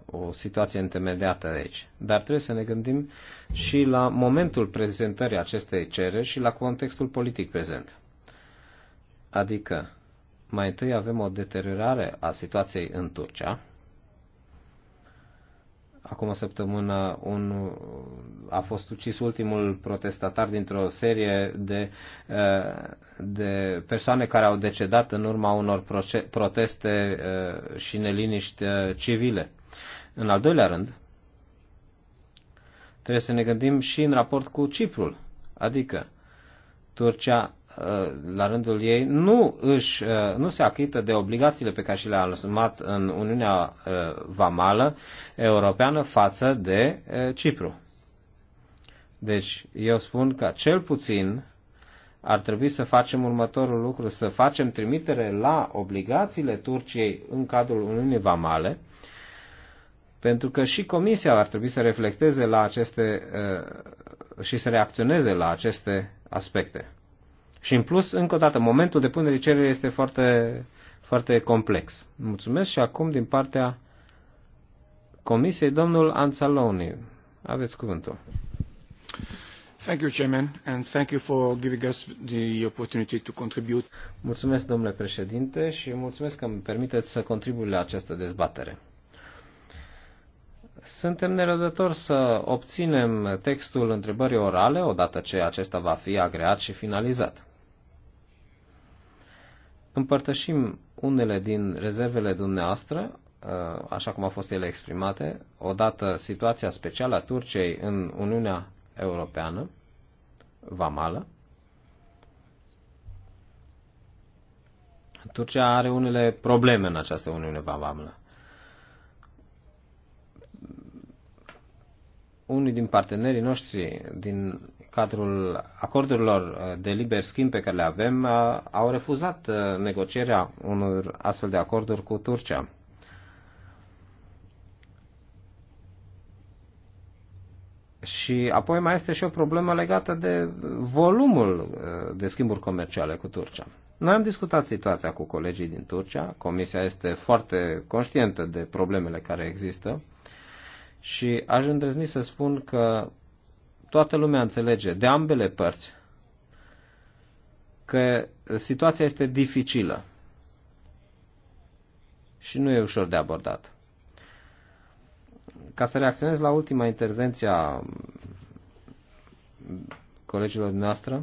o situație întemediată aici. Dar trebuie să ne gândim și la momentul prezentării acestei cereri și la contextul politic prezent. Adică, mai întâi avem o deteriorare a situației în Turcia, acum o săptămână un, a fost ucis ultimul protestatar dintr-o serie de, eh, de persoane care au decedat în urma unor proteste eh, și neliniști eh, civile. În al doilea rând, trebuie să ne gândim și în raport cu Ciprul, adică Turcia Uh, la rândul ei, nu, își, uh, nu se achită de obligațiile pe care și le-a asumat în Uniunea uh, Vamală Europeană față de Cipru. Deci, eu spun că cel puțin ar trebui să facem următorul lucru, să facem trimitere la obligațiile Turciei în cadrul Uniunii Vamale, pentru că și Comisia ar trebui să reflecteze la aceste și să reacționeze la aceste aspecte. Și în plus, încă o dată, momentul de depunerii cererii este foarte, foarte complex. Mulțumesc și acum din partea Comisiei, domnul Anzaloni. Aveți cuvântul. Thank you, Chairman, and thank you for giving us the opportunity to contribute. Mulțumesc, domnule președinte, și mulțumesc că îmi permiteți să contribui la această dezbatere. Suntem nerădători să obținem textul întrebării orale odată ce acesta va fi agreat și finalizat împărtășim unele din rezervele dumneavoastră, uh, așa cum au fost ele exprimate, odată situația specială a Turciei în Uniunea Europeană, vamală. Turcia are unele probleme în această Uniune vamală. unii din partenerii noștri din cadrul acordurilor uh, de liber schimb pe care le avem uh, au refuzat uh, negocierea unor astfel de acorduri cu Turcia. Și apoi mai este și o problemă legată de volumul de schimburi comerciale cu Turcia. Noi am discutat situația cu colegii din Turcia, Comisia este foarte conștientă de problemele care există și aș îndrăzni să spun că toată lumea înțelege de ambele părți că situația este dificilă și nu e ușor de abordat. Ca să reacționez la ultima intervenție a colegilor noastre,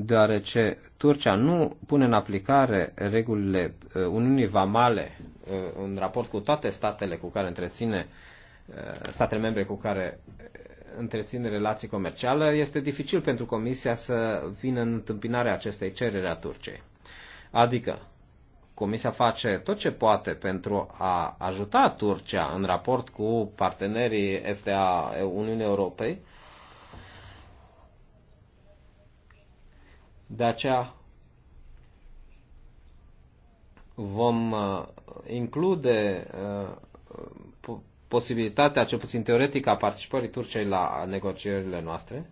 deoarece Turcia nu pune în aplicare regulile uh, Uniunii Vamale uh, în raport cu toate statele cu care întreține uh, statele membre cu care întreține relații comerciale, este dificil pentru Comisia să vină în întâmpinarea acestei cereri a Turciei. Adică, Comisia face tot ce poate pentru a ajuta Turcia în raport cu partenerii FTA Uniunii Europei, De aceea vom uh, include uh, posibilitatea, cel puțin teoretică, a participării Turciei la negocierile noastre.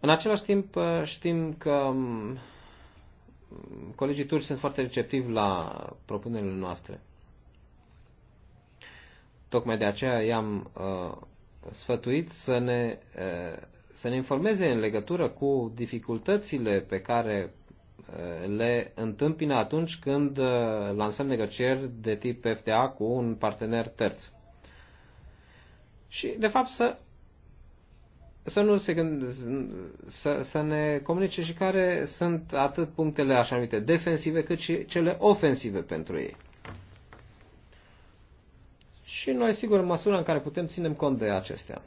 În același timp uh, știm că um, colegii turci sunt foarte receptivi la propunerile noastre. Tocmai de aceea i-am uh, sfătuit să ne uh, să ne informeze în legătură cu dificultățile pe care eh, le întâmpină atunci când eh, lansăm negocieri de tip FTA cu un partener terț. Și, de fapt, să, să nu se gând, să, să ne comunice și care sunt atât punctele așa numite defensive, cât și cele ofensive pentru ei. Și noi, sigur, în măsura în care putem, ținem cont de acestea.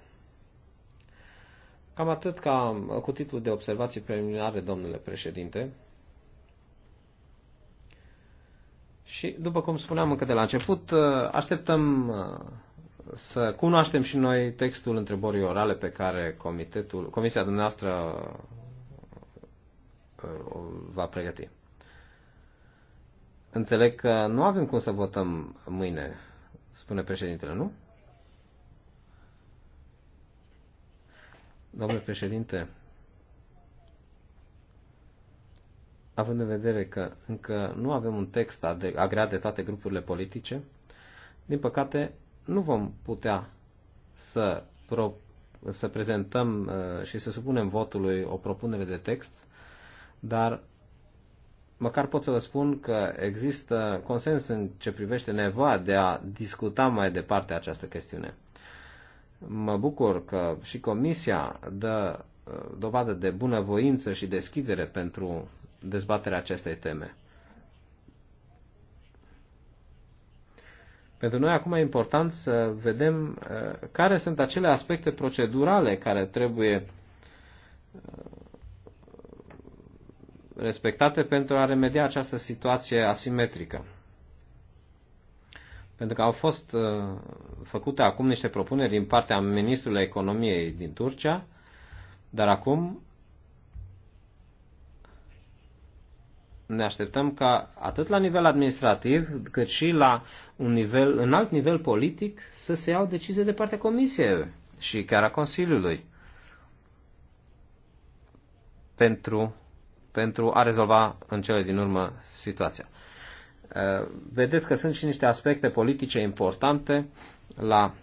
Cam atât ca uh, cu titlul de observații preliminare, domnule președinte. Și, după cum spuneam încă de la început, uh, așteptăm uh, să cunoaștem și noi textul întrebării orale pe care comitetul, comisia dumneavoastră o va pregăti. Înțeleg că nu avem cum să votăm mâine, spune președintele, nu? Domnule președinte, având în vedere că încă nu avem un text agreat de toate grupurile politice, din păcate nu vom putea să, pro, să prezentăm uh, și să supunem votului o propunere de text, dar măcar pot să vă spun că există consens în ce privește nevoia de a discuta mai departe această chestiune. Mă bucur că și Comisia dă uh, dovadă de bunăvoință și deschidere pentru dezbaterea acestei teme. Pentru noi acum e important să vedem uh, care sunt acele aspecte procedurale care trebuie uh, respectate pentru a remedia această situație asimetrică pentru că au fost uh, făcute acum niște propuneri din partea ministrului economiei din Turcia, dar acum ne așteptăm ca atât la nivel administrativ, cât și la un nivel, în alt nivel politic, să se iau decizii de partea Comisiei și chiar a Consiliului pentru, pentru a rezolva în cele din urmă situația. Eh, vedeți că sunt și niște aspecte politice importante la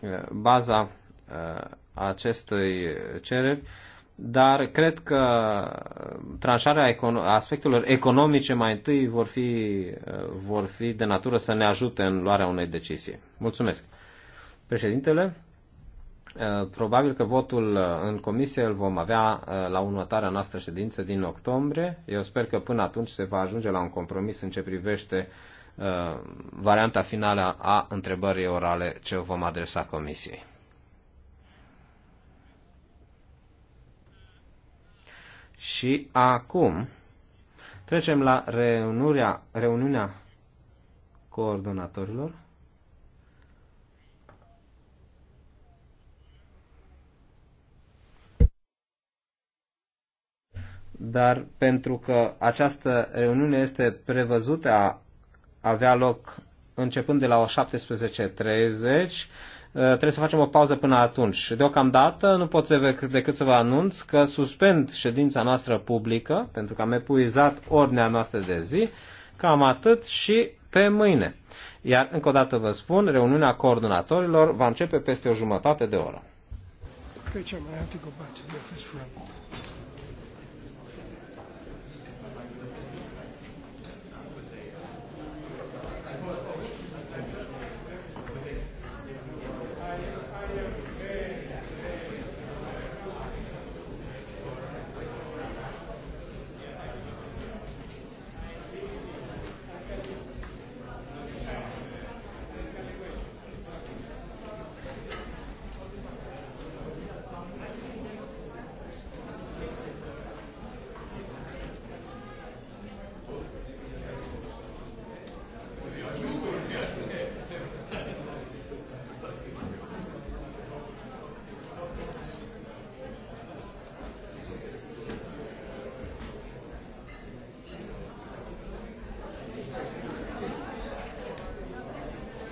eh, baza eh, acestui cereri, dar cred că tranșarea aspectelor economice mai întâi vor fi, vor fi de natură să ne ajute în luarea unei decizii. Mulțumesc. Președintele, Uh, probabil că votul uh, în comisie îl vom avea uh, la următoarea noastră ședință din octombrie. Eu sper că până atunci se va ajunge la un compromis în ce privește varianta finală a întrebării orale ce o vom adresa comisiei. Și acum trecem la reuniunea, reuniunea coordonatorilor. dar pentru că această reuniune este prevăzută a avea loc începând de la 17.30, eh, trebuie să facem o pauză până atunci. Deocamdată nu pot să decât să vă anunț că suspend ședința noastră publică, pentru că am epuizat ordinea noastră de zi, cam atât și pe mâine. Iar încă o dată vă spun, reuniunea coordonatorilor va începe peste o jumătate de oră. Okay, Chairman, I have to go back to the office for a